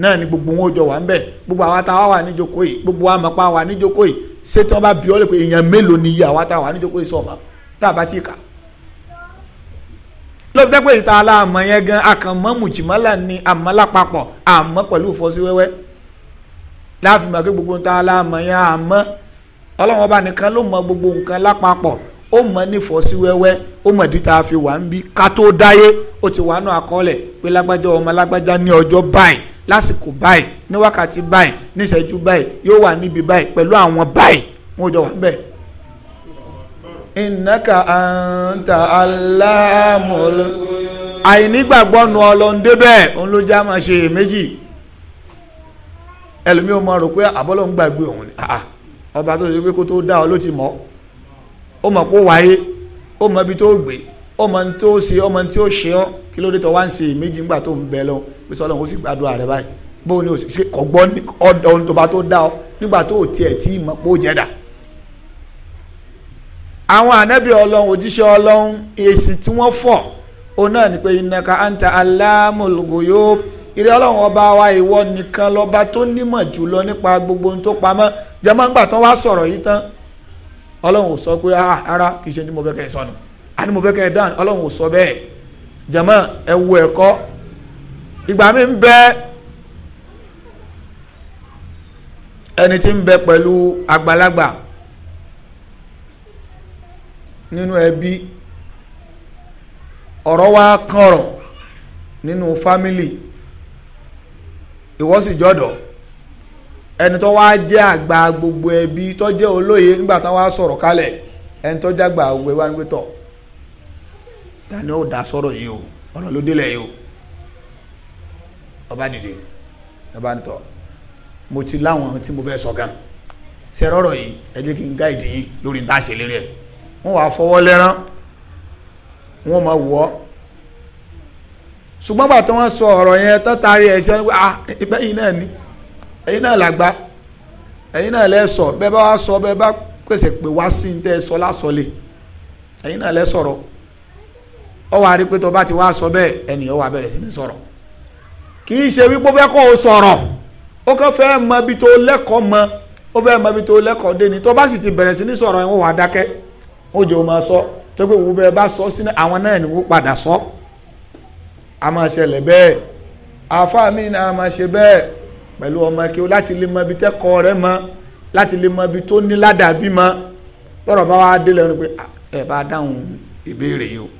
náà gbogbo wọn jọ wà ń bẹ gbogbo àwa tá a wà yìí gbogbo wa mọ̀ pa wà níjókòó yìí ṣé tí wọ́n bá bí ọ́ lè pe èèyàn mélòó ni iye àwa tá a wà níjókòó yìí tá a bá ti kà lóbi dẹ́pẹ́ ìta aláàmọ̀ yẹn gan akànmọ́ mùjìmọ́là ni àmọ́ lápapọ̀ àmọ́ pẹ̀lú ìfọ́síwẹ́wẹ́ láàfin mọ̀ pé gbogbo aláàmọ̀ yẹn àmọ́ mọ gbogbo nǹkan lápapọ̀ ó mọ ó fi wà ń bí ká tó dáyé ó ọmọ lágbájá ní lásìkò báyìí ní wákàtí báyìí ní ìṣẹ́jú báyìí yóò wà níbi báyìí pẹ̀lú àwọn báyìí wọn ò jọ wà bẹ́ẹ̀. ìnáka àǹtà aláàmúlò àìnígbàgbọ́ nu ọlọ́ndé bẹ́ẹ̀ òun ló já máa ṣe èméjì ẹlòmíì ó máa rò pé àbọ́lọ́ ń gbàgbé òun ni ọba tó ṣe pé kó tó dá ọ ló ti mọ̀ ó mọ̀ pé ó wáyé ó mọ̀ ibi tó gbé ọmọ tí ó ṣe ọmọ tí ó ṣe ọ kí ló dé tó wá ń ṣe méjì ńgbà tó ń bẹ lọ pé sọlọ ó sì gbàdúrà rẹ báyìí bóun ni òṣìṣẹ́ kọ̀gbọ́n ọ̀dọ̀ ohun tó bá tó dá ọ nígbà tó tiẹ̀ tí mọ̀ pé ó jẹ́ dà. àwọn ànábì ọlọ́run òjíṣẹ́ ọlọ́run èsì tí wọ́n fọ̀ o náà ni pé innaka anta allamul ghuyub ìrẹ́ ọlọ́run ọba wa ìwọ nìkan lọ́ba tó nímọ̀ jùlọ nípa gbogbo ohun tó pamọ́ jẹ́mọ́ ńgbà tó wá sọ̀rọ̀ yìí tán ọlọ́run ò sọ pé ara ah, kì ṣe ní mo fẹ́ kẹ́ ẹ sọnù Ani ní mo fẹ́ kẹ́ ẹ dáhùn ọlọ́run ò sọ bẹ́ẹ̀ jàmá ẹ wo ẹ̀kọ́ ìgbà mi ń bẹ ẹni tí ń bẹ pẹ̀lú àgbàlagbà nínú ẹbí ọ̀rọ̀ wa kọ̀rọ̀ nínú fámìlì ìwọ sì jọ̀dọ̀ ẹni tó wá jẹ́ àgbà gbogbo ẹbí tó jẹ́ olóye nígbà táwọn á sọ̀rọ̀ kalẹ̀ ẹni tó jágbà gbogbo ẹwà nígbẹ́tọ̀ tani ó da sọ̀rọ̀ yi o yi o ọba dìde ọba mo ti láwọn tí mo fẹ́ sọ gan ṣe yi yìí kí n yín lórí nta ṣe lérí wọn wọ́n wàá fọwọ́ lẹ́rán ma máa bàtà sọ yẹn ah náà ni náà náà bá sọ bá pèsè pé wá sí ọ wá rí pé tó bá ti wá sọ bẹ́ẹ̀ ẹnìyàn wá bẹ̀rẹ̀ sí ní sọ̀rọ̀ kì í ṣe wípé ó fẹ́ kó o sọ̀rọ̀ ó kàn fẹ́ mọ ibi tó lẹ́kọ̀ọ́ mọ ó fẹ́ mọ ibi tó lẹ́kọ̀ọ́ dé ni tó bá sì ti bẹ̀rẹ̀ sí ní sọ̀rọ̀ ẹ̀ wọ́n wá dákẹ́ ó jẹ́ o máa sọ tó pé òwú bẹ́ẹ̀ bá sọ sí àwọn náà ni wọ́n padà sọ a máa ṣẹlẹ̀ bẹ́ẹ̀ àáfàá mi náà a máa ṣe bẹ́ẹ̀ pẹ̀lú ọmọ kí o láti lè mọ ibi tẹ́kọ̀ọ́ rẹ mọ láti lè mọ ibi tó ní ládàbí mọ tọ́rọ̀ bá wá délẹ̀ wọn pé ẹ bá dáhùn ìbéèrè yìí o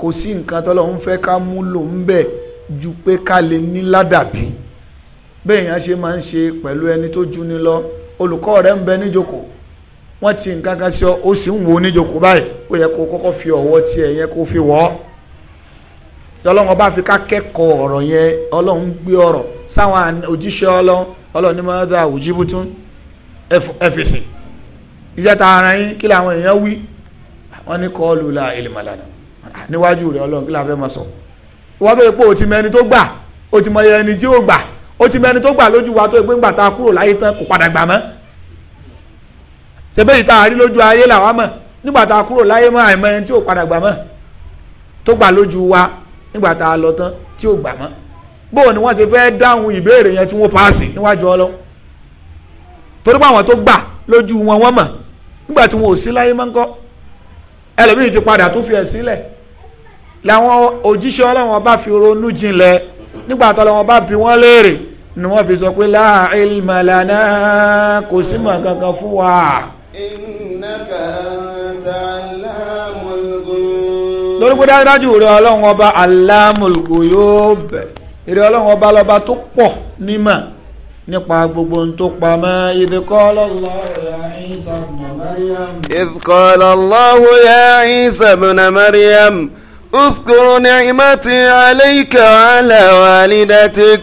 kò sí nǹkan tọ́lọ́hun fẹ́ ká mú lò ń bẹ̀ ju pé ká lè ní ládàbí bẹ́ẹ̀ yẹn ṣe máa ń ṣe pẹ̀lú ẹni tó jù ni lọ olùkọ́ rẹ̀ ń bẹ níjókòó wọ́n ti nǹkan kan sí ọ ó sì ń wo níjókòó báyìí ó yẹ kó kọ́kọ́ fi ọwọ́ tiẹ̀ yẹn kó fi wọ́ ọ́ tọ́lọ́hun fi ká kẹ́kọ̀ọ́ ọ̀rọ̀ yẹn ọlọ́hun gbé ọ̀rọ̀ sáwọn òjíṣẹ́ ọlọ́hun ọlọ́hun ní mọ́tà òjìbútún ẹ̀fẹ̀sìn iṣẹ́ ta yín kí làwọn èèyàn wí wọ́n ní kọ́ lula ìlìmọ̀lànà níwájú rẹ̀ ọlọ́run kí la fẹ́ máa sọ wọ́n tó yẹ pé o ti mẹni tó gbà o ti mọ ẹni tí ó gbà o ti mẹni tó gbà lójú wa tó yẹ pé ńgbà tá a kúrò láyé tán kò padà gbà mọ́ ṣebí yìí tá a lójú ayé làwa mọ̀ nígbà tá a kúrò láyé mọ́ àìmọ ẹni tí ò padà gbà mọ́ tó gbà lójú wa nígbà tá a lọ tán tí ò gbà mọ́ bóun ni wọ́n ti fẹ́ dáhùn ìbéèrè yẹn tí wọ́n paasi níwájú ọlọ́run torí pé àwọn tó gbà làwọn òjíṣẹ́ ọlọ́run ọba fi ronú jinlẹ̀ nígbà tó lọ́wọ́ bá bi wọ́n léèrè ni wọ́n fi sọ pé la ilma lana kò sí mọ̀ kankan fún wa. innaka anta allamul ghuyub. lórí pé dájúdájú rẹ ọlọ́run ọba allamul ghuyub èrè ọlọ́run ọba lọ́ba tó pọ̀ nímọ̀ nípa gbogbo ohun tó pamọ́ idh qala Allahu ya Isa ibn Maryam. idh اذكر نعمتي عليك على والدتك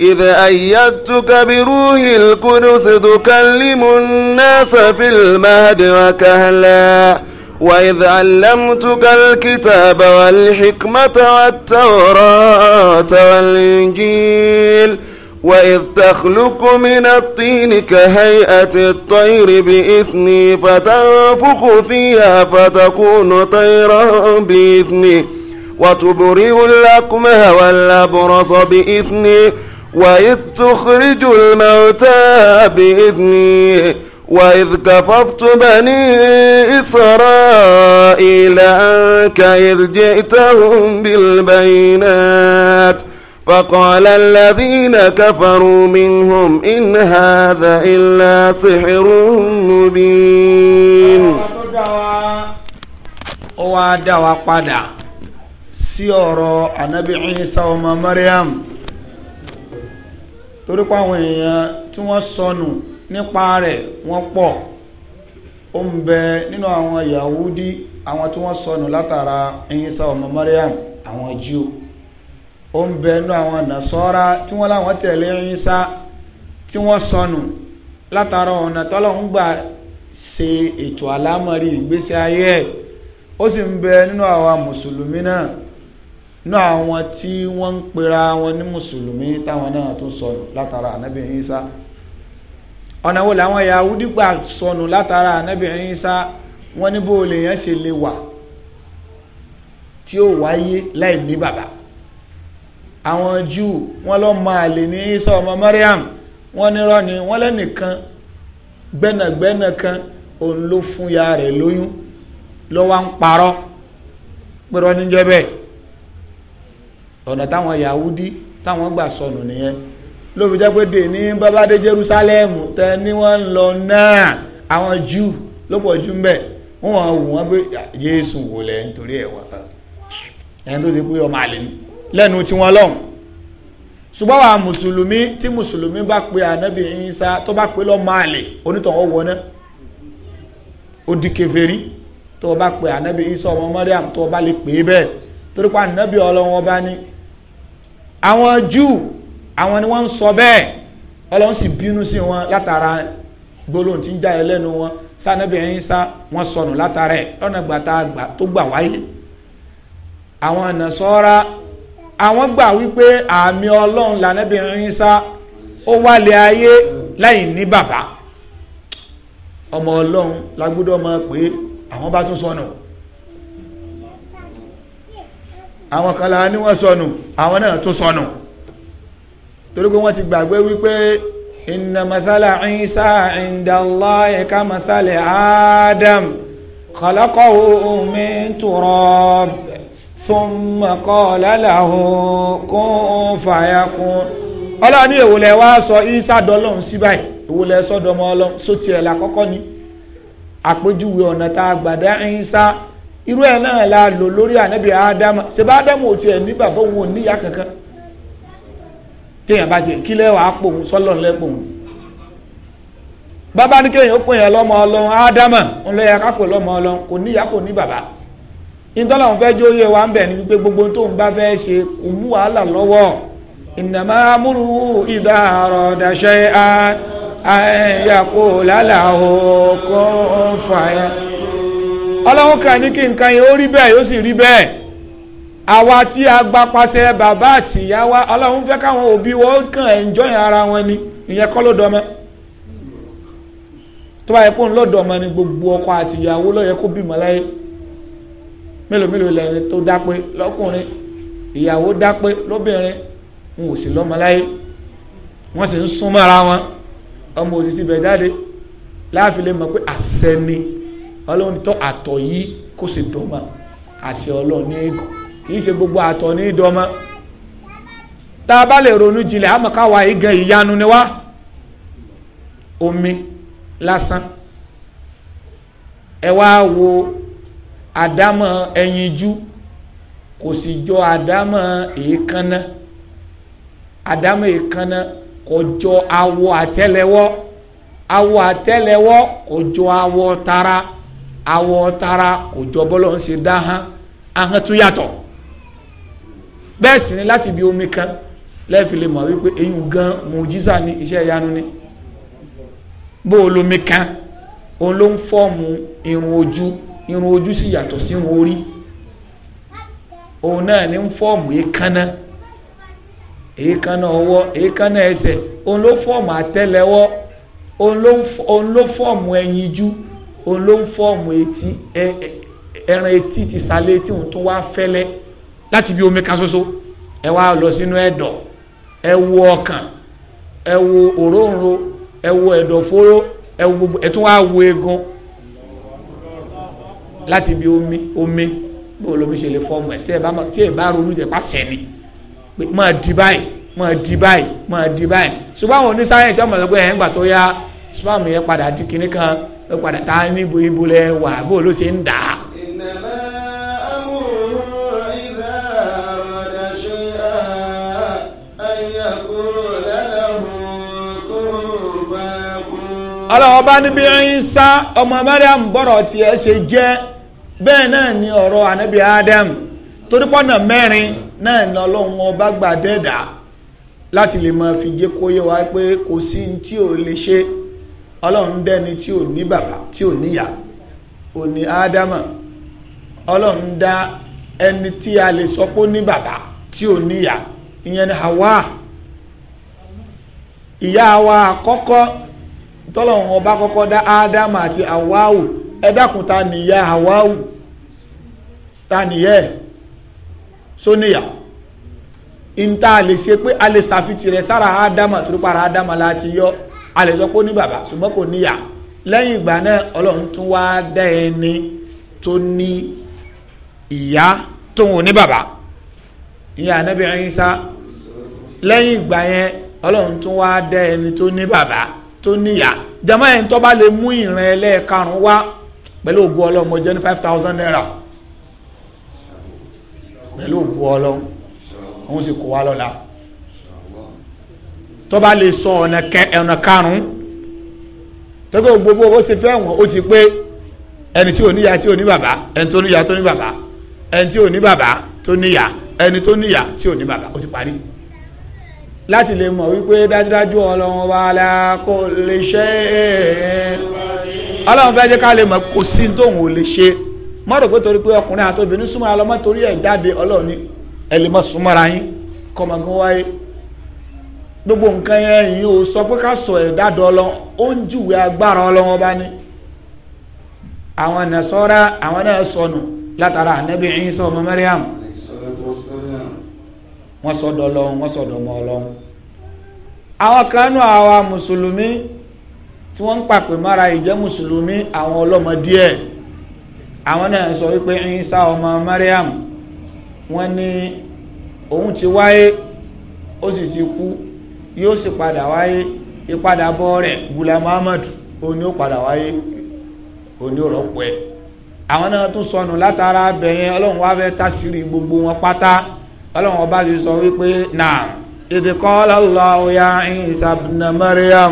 إذ أيدتك بروح القدس تكلم الناس في المهد وكهلا وإذ علمتك الكتاب والحكمة والتوراة والإنجيل وإذ تخلق من الطين كهيئة الطير بإثني فتنفخ فيها فتكون طيرا بإثني وتبرئ الأكمه والأبرص بإثني وإذ تخرج الموتى بإثني وإذ كففت بني إسرائيل عنك إذ جئتهم بالبينات فقال الذين كفروا منهم إن هذا إلا سحر مبين ó wá dá wa padà sí ọ̀rọ̀ ànábì Mariam àwọn èèyàn tí wọ́n sọnù nípa rẹ̀ wọ́n pọ̀ ó ń bẹ nínú àwọn Yahudi àwọn tí wọ́n sọnù látara Ìsá ọmọ Mariam àwọn Júù ó ń bẹ inú àwọn nàṣọ́ra tí wọ́n láwọn tẹ̀lé Ìsá tí wọ́n sọnù látara ọ̀nà tọ́lọ́hún gbà ṣe ètò àlámọ̀rí ìgbésí ayé ẹ̀ ó sì ń bẹ nínú àwa mùsùlùmí náà nínú àwọn tí wọ́n ń pera wọn ní mùsùlùmí táwọn náà tún sọnù látara ànábì Ìsá ọ̀nà wo làwọn Yahudi gbà sọnù látara ànábì Ìsá wọ́n ní bó lèèyàn ṣe lè wà tí ó wáyé láì ní bàbá àwọn Júù wọ́n lọ mọ àlè ní Isa ọmọ Mariam wọ́n nírọ́ ni wọ́n lẹ́nìkan gbẹ́nàgbẹ́nà kan òun ló fún ya rẹ̀ lóyún ló wá ń parọ́ pẹ̀rọ níjẹ́ bẹ́ẹ̀ ọ̀nà táwọn Yahudi táwọn gbà sọnù nìyẹn ló fi jẹ́ pé dè ní bábádé Jerusalemu tẹ ní wọ́n ń lọ náà àwọn Júù ló pọ̀ jù ń bẹ̀ wọ́n wọ́n wù wọ́n pé Jésù wò lẹ́ nítorí ẹ̀ wọ́n ẹ̀ tó ti pé ọmọ àlè ni lẹ́nu tí wọ́n lọ́hùn ṣùgbọ́n àwọn mùsùlùmí tí mùsùlùmí bá pe ànábì Ìsá tó bá pe lọ́mọ àlè onítọ̀hún wọná ó di kèfèrí tó bá pe ànábì Ìsá ọmọ Mariam tó bá lè pè é bẹ́ẹ̀ torí pa ànábì ọlọ́wọ́n bá ní àwọn Júù àwọn ni wọ́n ń sọ bẹ́ẹ̀ ọlọ́run sì bínú sí wọn látara gbólóhùn tí ń já ẹlẹ́nu wọn sanabi Ìsá wọn sọnù látara ẹ̀ lọ́nà gbàtà tó gbà wáyé àwọn ànàsọ́ra àwọn gbà wípé àmì ọlọ́run lànàbìnrin sá ó wálé ayé láì ní bàbá ọmọ ọlọ́run lágbọ́dọ̀ máa pé àwọn bá tún sọnù àwọn kan la ní wọ́n sọnù àwọn náà tún sọnù torí pé wọ́n ti gbàgbé wípé inna mathala Isa inda Allahi ka mathali Adam khalaqahu min turab ثم قال له كن فيكون ọlọ́run ní èwo lẹ wá sọ isa dọ́lọ́run sí báyìí èwo lẹ sọ́dọ̀ ọmọ ọlọ́run sóti ẹ̀ lákọ́kọ́ ni àpèjúwe ọ̀nà tá a gbàdá isa irú ẹ̀ náà la lò lórí ànábì ádámà ṣèbá ádámà ò tiẹ̀ ní bàbá òun ò níyà kankan téèyàn bá tiẹ̀ kílẹ̀ wàá pòun sọ́lọ́run lẹ́pòun bàbá ní kéèyàn ó pè yẹn lọ́mọ ọlọ́run ádámà òun lọ́yà ká pè lọ́mọ ọlọ́run kò níyà kò ní bàbá ìtọ́lọ̀ ń fẹ́ jóye wa ń bẹ̀ ní wípé gbogbo tó ń bá fẹ́ ṣe kò mú wàhálà lọ́wọ́ ìnàmá múrú ìdá àrọ̀ dàṣẹ́ àyàkó lálàó kó fàyà. ọlọ́run kan ní kí nǹkan yẹn ó rí bẹ́ẹ̀ yóò sì rí bẹ́ẹ̀ àwa tí a gba pasẹ̀ bàbá àtìyá wa ọlọ́run fẹ́ káwọn òbí wọn kàn enjoy ara wọn ni ìyẹn kọ́ ló dọ́mọ́ tó bá yẹ kó ń lọ́dọ̀ ọmọ ni gbogbo ọkọ àtìyàwó ló mélòó mélòó lẹni tó dápé lọ́kùnrin ìyàwó dápé lóbìnrin ń ò sí lọ́mọláyé wọ́n sì ń sún mọ́ra wọn ọmọ òsìsì bẹ̀ jáde láàfin lè mọ̀ pé àṣẹ ni ọlọ́run tó àtọ̀ yìí kò sì dọ́mọ àṣẹ ọlọ́run ní ègàn kì í ṣe gbogbo àtọ̀ ní ìdọ́mọ tá a bá lè ronú jinlẹ̀ àmọ́ káwa igan ìyanu ni wá omi lásán ẹ wá wo àdámọ̀ ẹyinjú kò sì jọ àdámọ̀ èékánná àdámọ̀ èékánná kò jọ awọ àtẹ́lẹwọ́ awọ àtẹ́lẹwọ́ kò jọ awọ tara awọ tara kò jọ bọ́lọ̀ ń ṣe dá hán ahọ́n tún yàtọ̀ bẹ́ẹ̀ sì ni láti ibi omi kan lẹ́ẹ̀fi lè wípé eyín gan mùjísà ní iṣẹ́ ìyanu ni bó o lomi kan òun ló ń fọ́ọ̀mù irun ojú irun ojú sì yàtọ̀ sí irun orí òun náà ní fọ́ọ̀mù èékánná èékánná ọwọ́ èékánná ẹsẹ̀ òun ló fọ́ọ̀mù àtẹ́lẹwọ́ òun ló fọ́ọ̀mù ẹyinjú òun ló fọ́ọ̀mù etí ẹran etí ti sálé tí òun tún wá fẹ́lẹ́ láti bí omi kan ṣoṣo ẹ wá lọ sínú ẹ̀dọ̀ ẹ wo ọkàn ẹ wo òróǹro ẹ wo ẹ̀dọ̀fóró ẹ wo gbogbo ẹ tún wá wo eegun láti ibi omi omi bó lomi ṣe lè fọmù ẹ tí ẹ bá tí ẹ bá ronú jẹ bá sẹni pé máa di báyìí máa di báyìí máa di báyìí ṣùgbọ́n àwọn oníṣáyẹ̀nsì ọmọ ẹgbẹ́ ẹ̀ ń gbà tó yá spam yẹn padà di kinní kan ó padà tá a níbo ibo lẹ wà bó ló ṣe ń dà á. ọlọ́wọ́ bá níbi ń sá ọmọ mẹ́rẹ̀ ń tiẹ̀ ṣe jẹ́ bẹ́ẹ̀ náà ni ọ̀rọ̀ ànábì Adam torípọ́nà mẹ́rin náà ni ọlọ́run ọba gbà dẹ́dà láti lè máa fi jẹ́ kó yé wá pé kò sí tí ò lè ṣe ọlọ́run dẹ́ni tí ò ní bàbá tí ò níyà ò ní Ádámà ọlọ́run dá ẹni tí a lè sọ pé ó ní bàbá tí ò níyà ìyẹn ni Hawa ìyá wa àkọ́kọ́ tọ́lọ́run ọba kọ́kọ́ dá Ádámà àti Hawa wò ẹ dákun ta nìyá Hawawu ta nìyá ẹ̀ sóníyà ìta lè ṣe pé a lè ṣàfitì rẹ̀ sára ádámà tó para ádámà láti yọ a lè sọ pé ó ní bàbá ṣùgbọ́n kò níyà lẹ́yìn ìgbà náà ọlọ́run tún wá dá ẹni tó ní ìyá tóun ò ní bàbá ìyá anábì Ìsá lẹ́yìn ìgbà yẹn ọlọ́run tún wá dá ẹni tó ní bàbá tó níyà jama yẹn tó bá lè mú ìran ẹlẹ́ẹ̀karùn-ún wá pẹ̀lú ògbó ọlọ́run mo jẹ́ ní five thousand naira pẹ̀lú ògbó ọlọ́run òun sì kó wa lọ́la tó bá lè sọ ọ̀nà karùn-ún tó bá gbogbo owó ṣe fẹ́ wọn ó ti pé ẹni tí ò níyà tí ò ní bàbá ẹni tó níyà tó ní bàbá ẹni tí ò ní bàbá tó níyà ẹni tó níyà tí ò ní bàbá ó ti parí. láti lè mọ̀ wípé dájúdájú ọlọ́run wa la kò lè ṣe é. ọlọ́run fẹ́ jẹ́ ká lè mọ̀ kò sí tóun ò lè ṣe rò pé ọkùnrin súnmọ́ra torí ẹ̀ ni ẹ lè súnmọ́ra yín wáyé gbogbo nǹkan yẹn yìí sọ pé ká sọ ẹ̀dá dọ́lọ́ ó ń júwe agbára àwọn àwọn sọnù látara ọmọ wọ́n sọ dọ́lọ́ wọ́n sọ dọ́mọ́ ọlọ́run àwọn kan nù tí wọ́n ń pàpè mára ìjẹ́ mùsùlùmí àwọn ọlọ́mọ díẹ̀ àwọn náà sọ wípé Ìsá ọmọ Mariam wọ́n ní òun ti wáyé ó sì ti kú yóò sì padà wáyé ìpadàbọ̀ rẹ̀ gula Muhammad òní ó padà wáyé òní ó ẹ̀ gbogbo wọn pátá ọlọ́run sọ wípé nà ya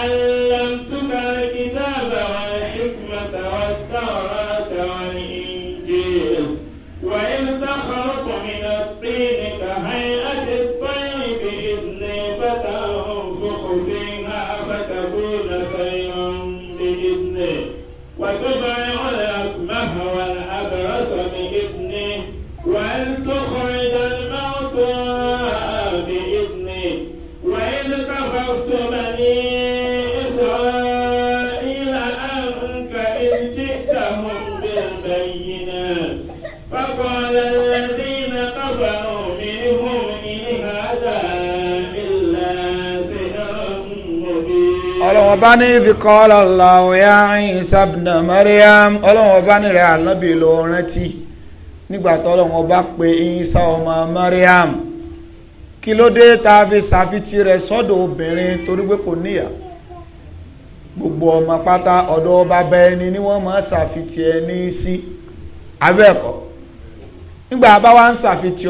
I, ọba ní ìdíkọ́ ọlọ́láwọ̀ ya Isa ibn Maryam ọlọ́run ọba nírẹ̀ ànábì ló rántí nígbà tó ọlọ́run ọba pé Isa ọmọ Maryam kí ló dé tá gbogbo ni safiti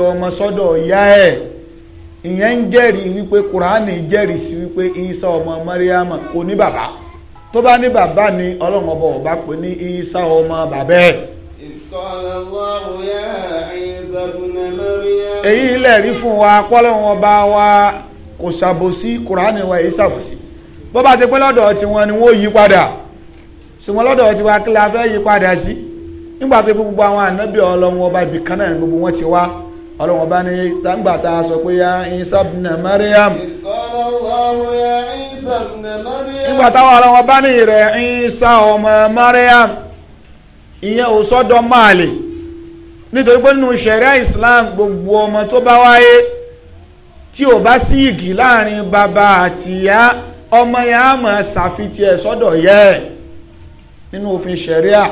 ìyẹn ń jẹ́rìí wípé kùránì jẹ́rìí sí wípé isa ọmọ mariam kò ní bàbá tó bá ní bàbá ni ọlọ́run ọba ọba pè ní isa ọmọ bàbá ẹ̀. èyí ilẹ̀ rí fún wa pọ́lọ́run ọba wa kò ṣàbòsí kùránì wa èyí ṣàbòsí bó bá ti pé lọ́dọ̀ tiwọn ni wọ́n yí padà ṣùgbọ́n lọ́dọ̀ tiwa kí la fẹ́ yí padà sí nígbà tó gbogbo àwọn ànábì ọlọ́run ọba ibìkan náà gbogbo wọn ti wá ọlọ́run ọba ní táǹgbà tá a sọ pé ya Isa ibn Maryam nígbà táwọn ọlọ́run ọba ní rẹ̀ Isa ọmọ Maryam ìyẹn ò sọ́dọ̀ máàlì nítorí pé nínú sẹ̀ríà Islam gbogbo ọmọ tó bá wáyé tí ò bá sí ìgì láàrin bàbá àti ìyá ọmọ yẹn á mọ̀ ṣàfitì ẹ̀ sọ́dọ̀ yẹ nínú òfin sẹ̀ríà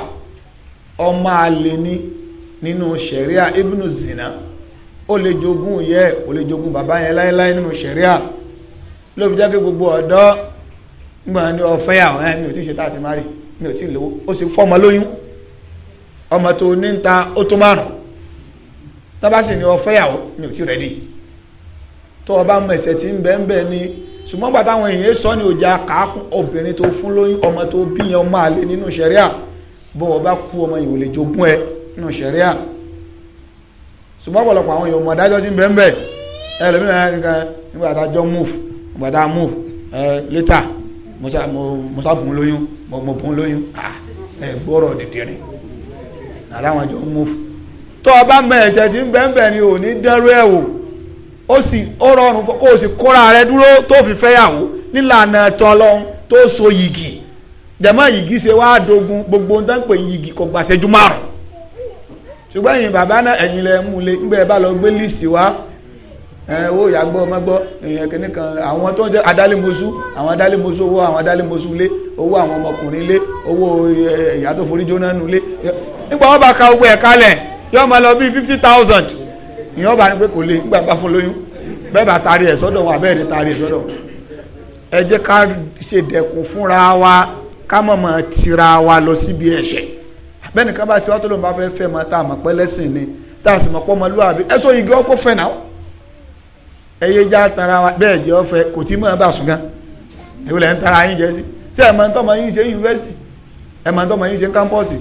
ọmọ àlè ni nínú sẹ̀ríà ibnu zina ó lè jogún yẹ ó lè jogún bàbá yẹn láéláé nínú ṣẹ̀ríà ló fi jẹ́ kí gbogbo ọ̀dọ́ gbọ́n ní ọ̀fẹ́ àwọn ẹ̀ mi ò tí ṣe tá àti má rí mi ò tí lówó ó sì fọ́mọ lóyún ọmọ tó ní ń ta ó tó márùn tọ́ba sì ní ọ̀fẹ́ àwọn mi ò tí rẹ̀ tó ọba mọ ẹ̀sẹ̀ tí ń bẹ́ẹ̀ bẹ́ẹ̀ ni ṣùgbọ́n gbàtà àwọn èèyàn sọ ní ọjà kàákùn obìnrin tó fún lóyún ọmọ tó bí yẹn ọmọ àlè nínú ṣẹ̀ríà bó ọba kú ọmọ yìí ò lè jogún ẹ nínú ṣẹ̀ríà ṣùgbọ́n ọ̀pọ̀lọpọ̀ àwọn èèyàn mọ̀dájọ́ ti ń bẹ́ẹ̀ bẹ́ẹ̀ ẹ lómi náà nǹkan nígbà tá a jọ move nígbà tá a move ẹ later mo sá bùn lóyún mo bùn lóyún ẹ gbọ́rọ̀ dìdìrín àláwọn àjọ move tó o bá ń bẹ́ẹ̀ bẹ́ẹ̀ ni ò ní dẹ́rú ẹ̀ wò ó sì ó dogun gbogbo ń yìgì kò ṣùgbọ́n ẹ̀yin bàbá náà ẹ̀yin lẹ mú lé ńgbẹ́ bá lọ gbé líìsì wá owó ìyàgbọ́ ọmọ gbọ́ èèyàn kìíní kan àwọn tó ń jẹ́ adálémosú àwọn adálémosú owó àwọn adálémosú lé owó àwọn ọmọkùnrin lé owó ìyá tó forí jóná nu lé nígbà wọn bá ka owó ẹ̀ kalẹ̀ yóò máa lọ bíi fifty thousand ìyẹn bá ní pé kò lè nígbà bá fún lóyún bẹ́ẹ̀ bá taari ẹ̀ sọ́dọ̀ wọn àbẹ́ẹ̀ ni taari ẹ̀ sọ́dọ̀ ẹ jẹ́ ká ṣe dẹ̀kun fúnra wa ká mọ̀mọ́ tira wa lọ síbi ẹ̀ṣẹ̀ bẹ́ẹ̀ nìkan bá ti wá tó lóun bá fẹ́ fẹ́ mọ tá a mọ̀ pé lẹ́sìn ni tá a sì mọ̀ pé ọmọlúwàbí ẹ sọ igi ọkọ fẹ́ náà ẹ yé tara wa bẹ́ẹ̀ jẹ́ ọfẹ kò tí mọ̀ bá sùn gan tara yín sí ṣé ẹ̀ ń tọ́mọ yín ṣe yunifásitì ẹ̀ ń tọ́mọ yín ṣe kámpọ́ọ̀sì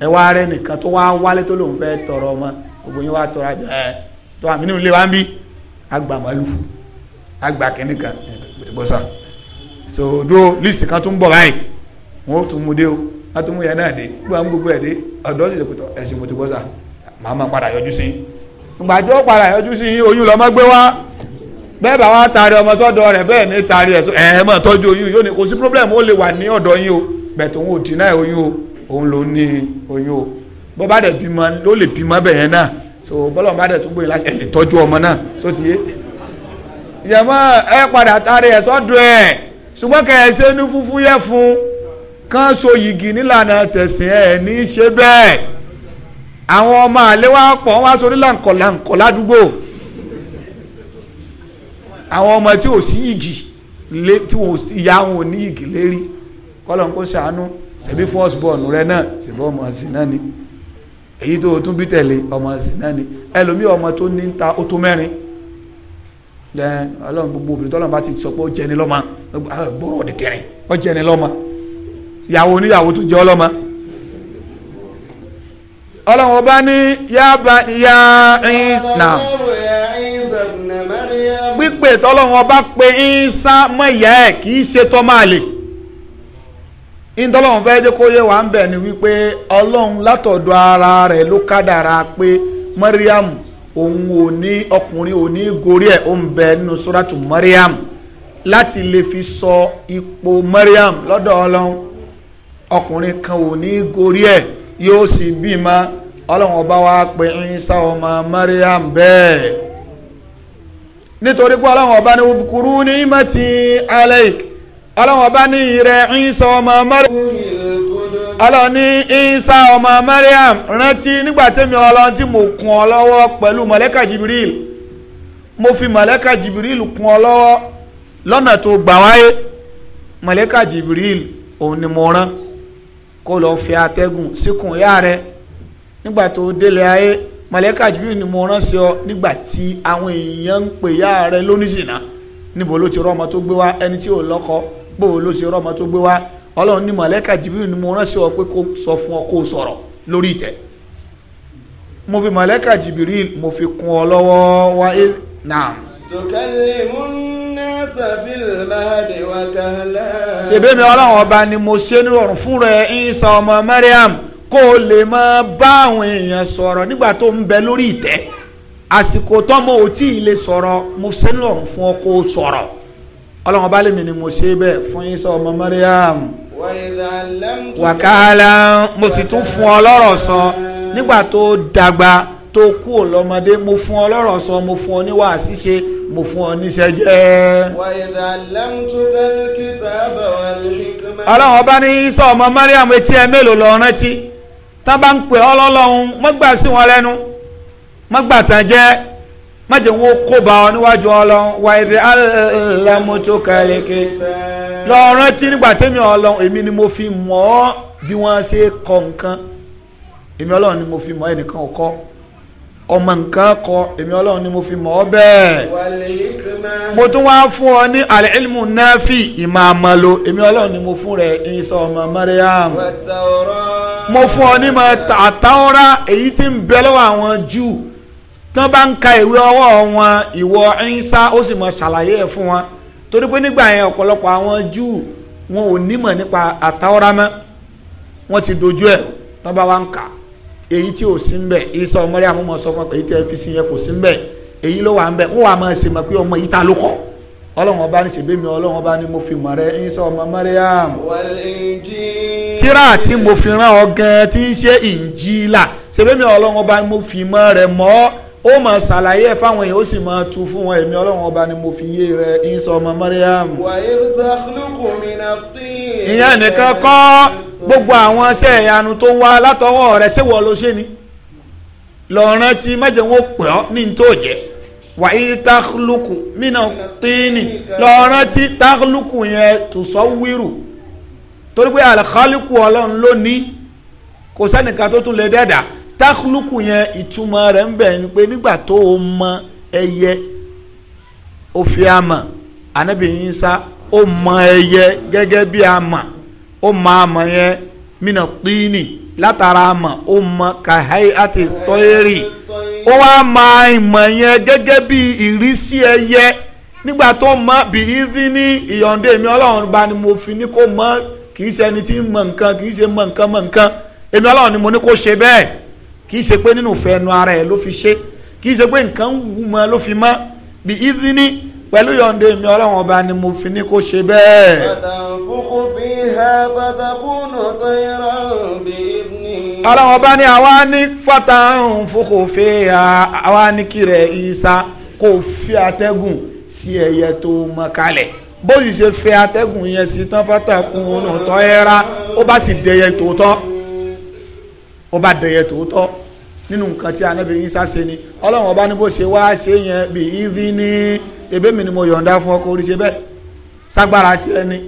ẹ wá rẹ nìkan tó wá wálé tó fẹ́ tọrọ ọmọ wa ń bí agbàmọ́lù atúmúyẹ náà dé gbọ́n gbogbo ẹ̀ dé ọ̀dọ́ sì lèkùtọ̀ ẹ̀sìn mo ti bọ́ sà màá máa padà yọjú sí gbàjọ́ padà yọjú sí oyún lọ́mọ gbé wá bẹ́ẹ̀ bá wá taari ọmọ sọ́dọ̀ rẹ̀ bẹ́ẹ̀ ní taari ẹ̀ ẹ̀ mọ̀ tọ́jú oyún yóò ní kò sí problem ó lè wà ní ọ̀dọ̀ yín o bẹ̀tẹ̀ òun ò tì náà oyún o òun ló ní oyún o bó bá dẹ̀ bímọ ló lè bímọ bẹ̀yẹn náà so bọ́lọ̀ bá dẹ̀ tún gbé e láti ẹ̀ lè tọ́jú ọmọ náà so ti yé ìyàmọ́ ẹ padà taari ẹ̀ sọ́dọ̀ ẹ̀ ṣùgbọ́n kẹ̀ ẹ̀ ṣe ní fúfú yẹ fún un kán so yìgì nílànà tẹ̀sìn ẹ̀ ní í ṣe bẹ́ẹ̀ àwọn ọmọ àlè wa pọ̀ wá sórí làǹkọ̀ làǹkọ̀ ládùúgbò àwọn ọmọ tí ò sí yìgì lé tí ìyá wọn ò ní yìgì lérí kọ́lọ̀ ń kó ṣàánú ṣebí first born rẹ náà ṣebí ọmọ àsìn náà ni èyí tó o tún bí tẹ̀lé ọmọ àsìn náà ni ẹlòmíì ọmọ tó ní ta ó tó mẹ́rin ọlọ́run gbogbo obìnrin tọ́lọ́run bá ti sọ pé ó jẹni lọ́mọ gbọ́rọ̀ ọ̀dẹ̀dẹ̀rin ó jẹni lọ́mọ yàwó oníyàwó tó jẹ́ ọlọ́mọ ọlọ́run ọba ní yaba ìyá ìsìnà pípè tọ́lọ́run ọba pé ìsá mọ̀yà ẹ̀ kì í ṣe tọ́ máa lè ìtọ́lọ́run fẹ́ jẹ́ kó ń bẹ̀ ni wípé ọlọ́run látọ̀dọ̀ ara rẹ̀ Mariam òun ò ní ọkùnrin ò Mariam láti lè fi Mariam lọ́dọ̀ ọlọ́run ọkùnrin kan ò ní gorí ẹ̀ yóò sì bímọ ọlọ́run ọba wa pe Isa ọmọ Mariam bẹ́ẹ̀ nítorí pé ọlọ́run ọba ní udhkuru ni'mati alaik ọlọ́run ọba ní ìrẹ Isa ọmọ Mariam ọlọ́run ní Isa ọmọ Mariam rántí nígbà tẹ́mi ọlọ́run tí mo kún ọ lọ́wọ́ pẹ̀lú mọ̀lẹ́kà Jibril mo fi mọ̀lẹ́kà Jibril kún ọ lọ́wọ́ lọ́nà tó gbà wáyé mọ̀lẹ́kà Jibril òun ni mo rán. kó lọ fẹ́ atẹ́gùn síkùn ìyá rẹ nígbà tó délé ayé mọ̀lẹ́kà jùlọ ni mo ránṣẹ́ ọ nígbà tí àwọn èèyàn ń pè rẹ lóníṣìnà níbo ló ti rọ́mọ tó gbé wá ẹni tí ò lọ́kọ bó ló ti rọ́mọ tó ni mo ránṣẹ́ ọ pé kó ọ kó sọ̀rọ̀ lórí ìtẹ́ mo fi mọ̀lẹ́kà mo fi kún ọ lọ́wọ́ wáyé náà. tùkẹ́lìmù nẹ́sà fìlmáàdì wà kàlá. ṣèbémi ọlọ́run ọba ni mo ṣe nírọ̀rùn fún rẹ̀ ìsà ọmọ mariam kó o lè máa bá àwọn èèyàn sọ̀rọ̀ nígbà tó ń bẹ lórí ìtẹ́ àsìkò tọ́mọ ò tí ì lè sọ̀rọ̀ mo ṣe nírọ̀rùn fún ọ kó o sọ̀rọ̀ ọlọ́run ọba lèmi ni mo ṣe bẹ́ẹ̀ fún ìsà ọmọ mariam wàkàlà mo sì tún fún ọ lọ́rọ̀ sọ nígbà tó dàgbà tó kú ọlọ́mọdé mo fún ọ lọ́rọ̀ sọ mo fún ọ ní wàá ṣíṣe mo fún ọ níṣẹ́ jẹ́. wà ìdá lẹ́mtúkẹ́ kíta bẹ̀ wà lẹ́kẹ́mẹ́. ọlọ́run ọba ní sọ ọmọ mariam etí ẹ mélòó lọ rántí tá bá ń pè ọ lọ́lọ́run mọ́gbà sí wọn lẹ́nu mọ́gbà tán jẹ́ mọ́jẹ̀ wọn kó bá ọ níwájú ọlọ́run wà ìdá lẹ́mtúkẹ́ lọ rántí nígbà tẹ́mi ọlọ́run èmi ni mo fi mọ̀ bí wọ́n ṣe kọ nǹkan èmi ọlọ́run ni mo fi mọ̀ ẹnìkan ò ọmọ nǹkan kọ èmi ọlọ́run ni mo fi mọ̀ ọ́ bẹ́ẹ̀ mo tún wá fún ọ ní al-ilmu nafi ìmọ̀ àmàlò èmi ọlọ́run ni mo fún rẹ̀ Isa ọmọ Mariam mo fún ọ ní mọ̀ àtàwọ́rá èyí tí ń bẹ lọ́wọ́ àwọn Júù tán bá ń ka ìwé ọwọ́ wọn ìwọ Isa ó sì mọ̀ ṣàlàyé ẹ̀ fún wọn torí pé nígbà yẹn ọ̀pọ̀lọpọ̀ àwọn Júù wọn ò nímọ̀ nípa àtàwọ́rá mọ́ wọ́n ti dojú ẹ̀rù tán bá wá ń kà á èyí tí ò sí mbẹ Ìsá ọmọ rẹ sọ fún ọ pé èyí tí ẹ fi sí yẹn kò sí mbẹ èyí ló wà mbẹ wọn wà máa ṣe pé ọmọ yìí ta ló kọ́ ọlọ́run ọba ní ṣèbí mi ọlọ́run ọba ní mo fi mọ̀ rẹ Ìsá ọmọ Mariam. tíra tí mo fi rán ọ gan tí ń ṣe Ìnjílà ṣèbí mi ọlọ́run ọba ní mo fi mọ̀ rẹ mọ́ ó máa ṣàlàyé ẹ̀ fáwọn èèyàn ó sì máa tu fún wọn èmi ọlọ́run ọba ni mo fi yé rẹ ìsọ ọmọ Mariam. ìyẹn nìkan kọ́ gbogbo àwọn iṣẹ́ ìyanu tó wá látọwọ́ rẹ̀ ṣéwọ́ ló ṣe ni lọ́ọ̀rán tí májèwọ́ pẹ̀ ọ́ ní tó jẹ́ wàyí táhùlùkù mínà tíìnì lọ́ọ̀rán tí táhùlùkù yẹn tùsọ̀ wíru torí pé àlàkálùkù ọlọ́run ló ní kò sẹ́nìkan tó tún lè dẹ́dàá takhluku yẹn ìtumọ̀ rẹ̀ ń bẹ ni pé nígbà tó o mọ ẹyẹ o fi àmà anabi Isa o mọ ẹyẹ gẹ́gẹ́ bí àmà o mọ àmà yẹn mina tini látara àmà o mọ kahai àti tọ́yẹ̀rì ó wá mọ ìmọ̀ yẹn gẹ́gẹ́ bí ìrísí ẹyẹ nígbà tó mọ bí ìdí ní ìyọ̀ǹde mi ọlọ́run bá ni mo fi ní kó mọ kì í ṣe ẹni tí ń mọ nǹkan kì í ṣe mọ nǹkan mọ nǹkan èmi ọlọ́run ni mo ní kó ṣe bẹ́ẹ̀ kì í ṣe pé nínú ìfẹ́ ẹnu ara ẹ̀ ló fi ṣe kì í ṣe pé nǹkan ń wù mọ́ ló fi mọ́ bí ìdíní pẹ̀lú yọ̀ǹde mi ọlọ́run ọba ni mo fi ní kó ṣe bẹ́ẹ̀. fàtàkùnkù fi ha fàtàkùnù tó yẹra bí ìdíní. ọlọ́run ọba ni àwa ní fàtàkùnkù fi ha àwa ní kírẹ̀ ìsà kó fi àtẹ́gùn sí ẹyẹ tó mọ kalẹ̀ bó sì ṣe fẹ́ atẹ́gùn yẹn sí tán fàtàkùnù tó yẹra ó bá sì dẹyẹ tòótọ́ ó bá dẹyẹ tòótọ́ nínú nǹkan tí anábì yín sá ṣe ni ọlọ́run ọba ní bó ṣe wá ṣe yẹn bí ìdí ní ebé mi ni mo yọ̀ǹda fún ọ kó bẹ́ẹ̀ ságbára tí ẹni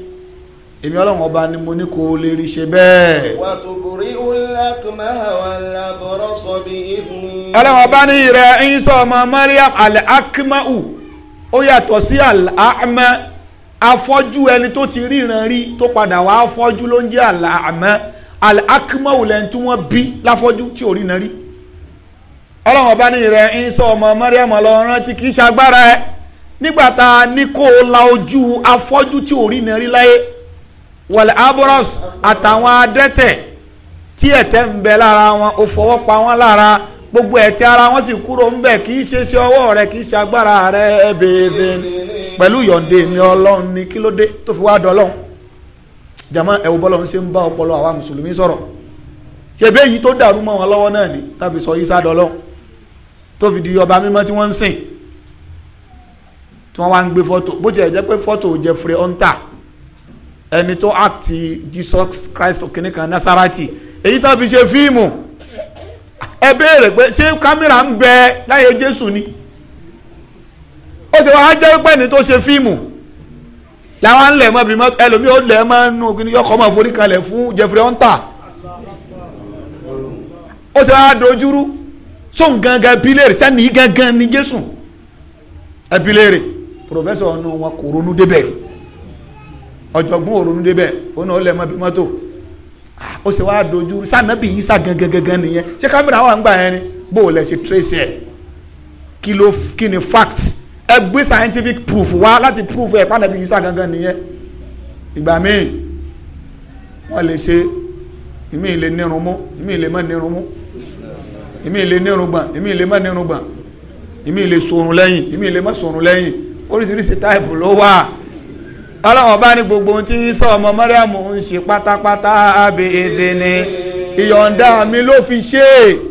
èmi ọlọ́run ọba ni mo ní kó lè rí ṣe bẹ́ẹ̀. wà ọba ní ìrẹ ìyínsọ ọmọ Mariam al-akmau ó yàtọ̀ sí al afọ́jú ẹni tó ti ríran rí tó padà wá afọ́jú ló ń jẹ́ al al-akmaw lẹ́ni tí wọ́n bí láfọ́jú tí ò rí náà rí ọlọ́run ọba ní rẹ̀ ń sọ ọmọ Maryam lọ rántí kì í ṣagbára ẹ nígbà tá a ní kó o la ojú afọ́jú tí ò rí náà rí láyé wọ̀lẹ̀ aboros àtàwọn adẹ́tẹ̀ tí ẹ̀tẹ̀ ń bẹ lára wọn ò fọwọ́ pa wọn lára gbogbo ẹ̀tẹ̀ ara wọn sì kúrò ń bẹ̀ kì í ṣe ṣe ọwọ́ rẹ kì í ṣagbára rẹ bèèrè pẹ̀lú yọ̀ǹde mi ọlọ́run ni kí ló dé tó fi wá dọ́lọ́run jama ẹwọ bọlọ ń ṣe ń bá ọpọlọ àwa mùsùlùmí sọ̀rọ̀ ṣe bí èyí tó dàrú mọ́ wọn lọ́wọ́ náà ni tàbí sọ yìí sádọlọ tó fi di ọba mímọ́ tí wọ́n ń sìn tí wọ́n wá ń gbé fọ́tò bó jẹ́ jẹ́ pé fọ́tò Jeffrey Hunter ẹni tó àti Jesus Christ kìnnìkan Nasarati èyí tó fi ṣe fíìmù ẹ béèrè pé ṣé kámẹ́rà ń bẹ láyé Jésù ni ó ṣe wá jẹ́ pé ẹni tó ṣe fíìmù làwọn ń lẹ̀ mọ́ bìrì mọ́ ó lẹ̀ mọ́ nù kí ni yọkọ̀ mọ́ forí kalẹ̀ fún Jeffrey Hunter ó sì wá dojúrú sóun gangan pílẹ̀rì sẹ́ni gangan ni Jésù ẹ pílẹ̀rì pòfẹ́sọ̀ ọ̀nà wọn kò ronú débẹ̀ rí ọ̀jọ̀gbọ́n òronú débẹ̀ ó náà ó lẹ̀ mọ́ bí mọ́tò ó sì wá dojú sànàbì yìí sà gangan gangan nìyẹn ṣé kámẹ́rà wà ń gbà yẹn ni bó o lẹ̀ ṣe trace ẹ̀ kí ló ni fact ẹ gbé scientific proof wá láti proof ẹ̀ pàdánù ìsà gangan nìyẹn ìgbà míì wọ́n lè ṣe ìmí ilé nírun mú ìmí ilé mọ́ nírun mú ìmí ilé nírun gbọ̀n ìmí ilé mọ́ nírun gbọ̀n ìmí ilé sọ̀rùn lẹ́yìn ìmí ilé mọ́ sọ̀rùn lẹ́yìn oríṣiríṣi táìpù ló wà ọlọ́wọ́n bá ní gbogbo ohun tí sọ ọmọ mọ́ríàmù ń ṣe pátápátá àbí èdè ni ìyọ̀ǹda mi ló fi ṣe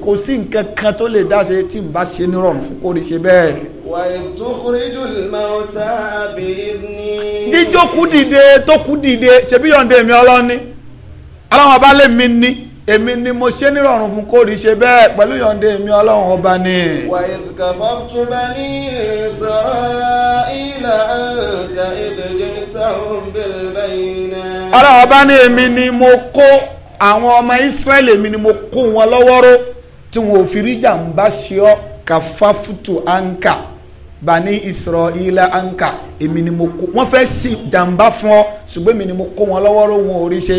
kò sí nǹkan kan tó lè dá ṣe tí n bá ṣe nírọ̀rùn fún kó lè ṣe bẹ́ẹ̀. وإذ تخرج الموتى بإذني jíjókù dìde tó kù dìde ṣebí yọ̀ǹde èmi ọlọ́run ni ọlọ́run ọba lè mi ní èmi ni mo ṣe nírọ̀rùn fún kó rí ṣe bẹ́ẹ̀ pẹ̀lú yọ̀ǹde èmi ọlọ́run ọba ni. wà á ìdùkà fọ́tù bá ní sọ̀rọ̀ ìlà ọ̀gá ìdèjì táwọn bẹ̀rẹ̀ báyìí náà. ọlọ́run ọba ní èmi ni mo kó àwọn ọmọ Ísírẹ́lì èmi ni mo kó wọn lọ́wọ́rọ́ tí wọn ò fi rí jàǹbá ṣe ọ́ kàfáfùtù ànkà bani israila anka èmi ni mo kó wọ́n fẹ́ sí jàǹbá fún ọ ṣùgbọ́n èmi ni mo kó wọn lọ́wọ́rọ́ wọn ò rí ṣe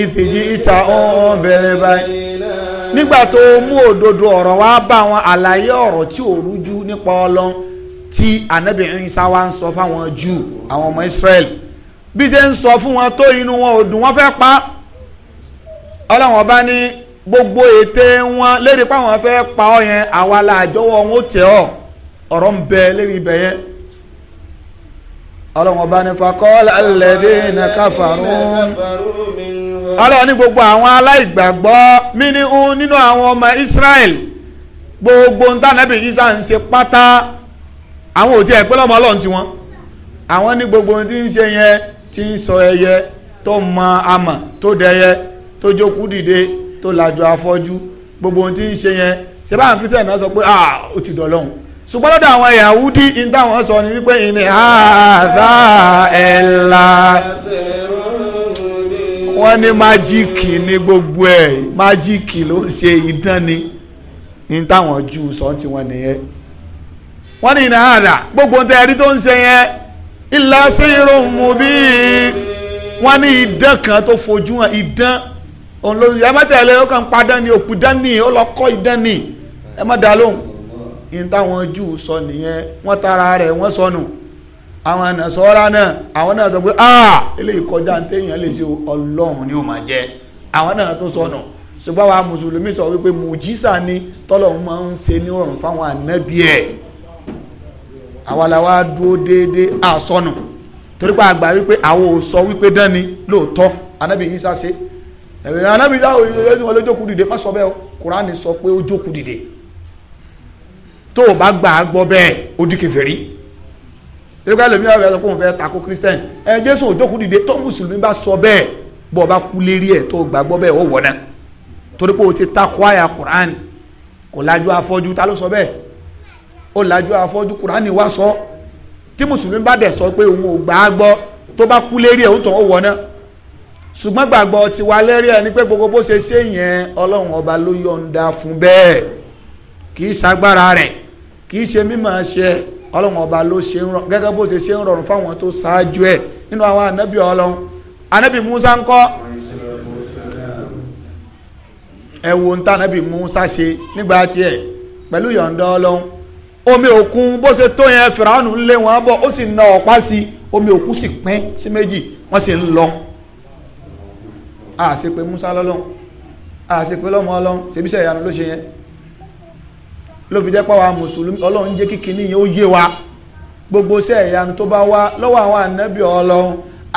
ìfìdí ìta ọ̀hún bẹ̀rẹ̀ báyìí nígbà tó mú òdodo ọ̀rọ̀ wá bá wọn àlàyé ọ̀rọ̀ tí ò rújú nípa ọlọ́n tí anabi Isa wa ń sọ fáwọn Júù àwọn ọmọ Israẹli bí ṣe ń sọ fún wọn tó inú wọn ò dùn wọ́n fẹ́ pa ọlọ́wọ́n bá ní gbogbo ète wọn lérí pé àwọn pa ọ yẹn àwa la wọn ó tẹ̀ ọ́ ọ̀rọ̀ ń bẹ lérí ibẹ̀ yẹn ọlọ́run ọba ní fakọ́lá alẹ́dẹ́ iná káfàrún ọlọ́run ní gbogbo àwọn aláìgbàgbọ́ mínú nínú àwọn ọmọ Israel gbogbo ntànàbì Isa ń ṣe pátá àwọn ò tiẹ̀ pẹ́lọ́mọ ọlọ́run tiwọn àwọn ní gbogbo tí ń ṣe yẹn ń sọ ẹyẹ tó mọ tó dẹyẹ tó jókòó dìde tó gbogbo tí ń ṣe yẹn ṣe báwọn kristian náà sọ pé ah ó ti dọ̀ ṣùgbọ́n lọ́dọ̀ àwọn Yahudi in táwọn sọ ni wípé ìní àdá ẹ̀la wọ́n ní májíìkì ní gbogbo ẹ̀ májíìkì ló ń ṣe idán ni in táwọn Júù sọ ti wọn nìyẹn wọ́n ní ìní àdá gbogbo tẹ́ ẹni tó ń ṣe yẹn ìlà sí irun mú bí wọ́n ní idán kan tó fojú hàn idán òun ló ń yẹ mọ́tẹ́lẹ́ ó kàn ń òkú dání ó lọ ẹ má dá lóhùn in táwọn júù sọ nìyẹn wọ́n tara rẹ̀ wọ́n sọnù àwọn nàṣọ́ra náà àwọn náà sọ pé ah eléyìí kọjá téèyàn lè ṣe ọlọ́run ni ó máa jẹ àwọn náà tó sọnù ṣùgbọ́n àwa mùsùlùmí sọ wípé mùjísà ni tọ́lọ́run máa ń ṣe ní ọ̀run fáwọn ànábì ẹ̀ àwa la wá dúró déédéé àsọnù torí pé àgbà wípé àwọn sọ wípé dán ni lóòótọ́ ànábì yìí sá ṣe ẹ̀rẹ̀ ànábì yìí sá ṣe ọlọ́jọ́kù dìde má sọ bẹ́ẹ̀ Kùránì sọ pé ó dìde tó o bá gbà á gbọ́ bẹ́ẹ̀ ó di kèfèrí tẹ́lifíà lèmi náà fẹ́ sọ pé òun fẹ́ tako christian ẹ jésù òjókòó dìde tó mùsùlùmí bá sọ bẹ́ẹ̀ bọ́ ọ bá kú lérí ẹ̀ tó o gbà gbọ́ bẹ́ẹ̀ ó wọ̀ náà torí pé o ti tako àyà Qur'an kò lajú afọ́jú ta ló sọ bẹ́ẹ̀ ó lajú afọ́jú Qur'an ni wá sọ tí mùsùlùmí bá dẹ̀ sọ pé òun ò gbà á gbọ́ tó bá kú lérí ẹ̀ ó tàn ó wọ̀ náà ṣùgbọ́n gbàgbọ́ ti wà lẹ́rí ẹni pé gbogbo bó ṣe ṣe yẹn ọlọ́run ọba ló yọ̀ǹda fún bẹ́ẹ̀ kì í ṣagbára rẹ̀ kì í ṣe mímọ̀ ṣe ọlọ́run ọba ló ṣe ń rọ gẹ́gẹ́ bó ṣe ṣe ń rọrùn fáwọn tó ṣáájú ẹ̀ nínú àwọn ànábì ọlọ́run ànábì Musa ń kọ́ ẹ wo ń tànábì Musa ṣe nígbà tiẹ̀ pẹ̀lú yọ̀ǹda ọlọ́run omi òkun bó ṣe tó yẹn fìràánù ń lé wọn bọ̀ ó sì na ọ̀pá sí omi òkun sì pín sí méjì wọ́n sì ń lọ àṣepé Musa lọ́lọ́run àṣepé lọ́mọ ọlọ́run ṣebíṣẹ́ ìyanu ló ṣe yẹn ló fi jẹ́ pé àwa mùsùlùmí ọlọ́run jẹ́ kíkì ní yẹn ó yé wa gbogbo iṣẹ́ ìyanu tó bá wá lọ́wọ́ àwọn ànábì ọlọ́run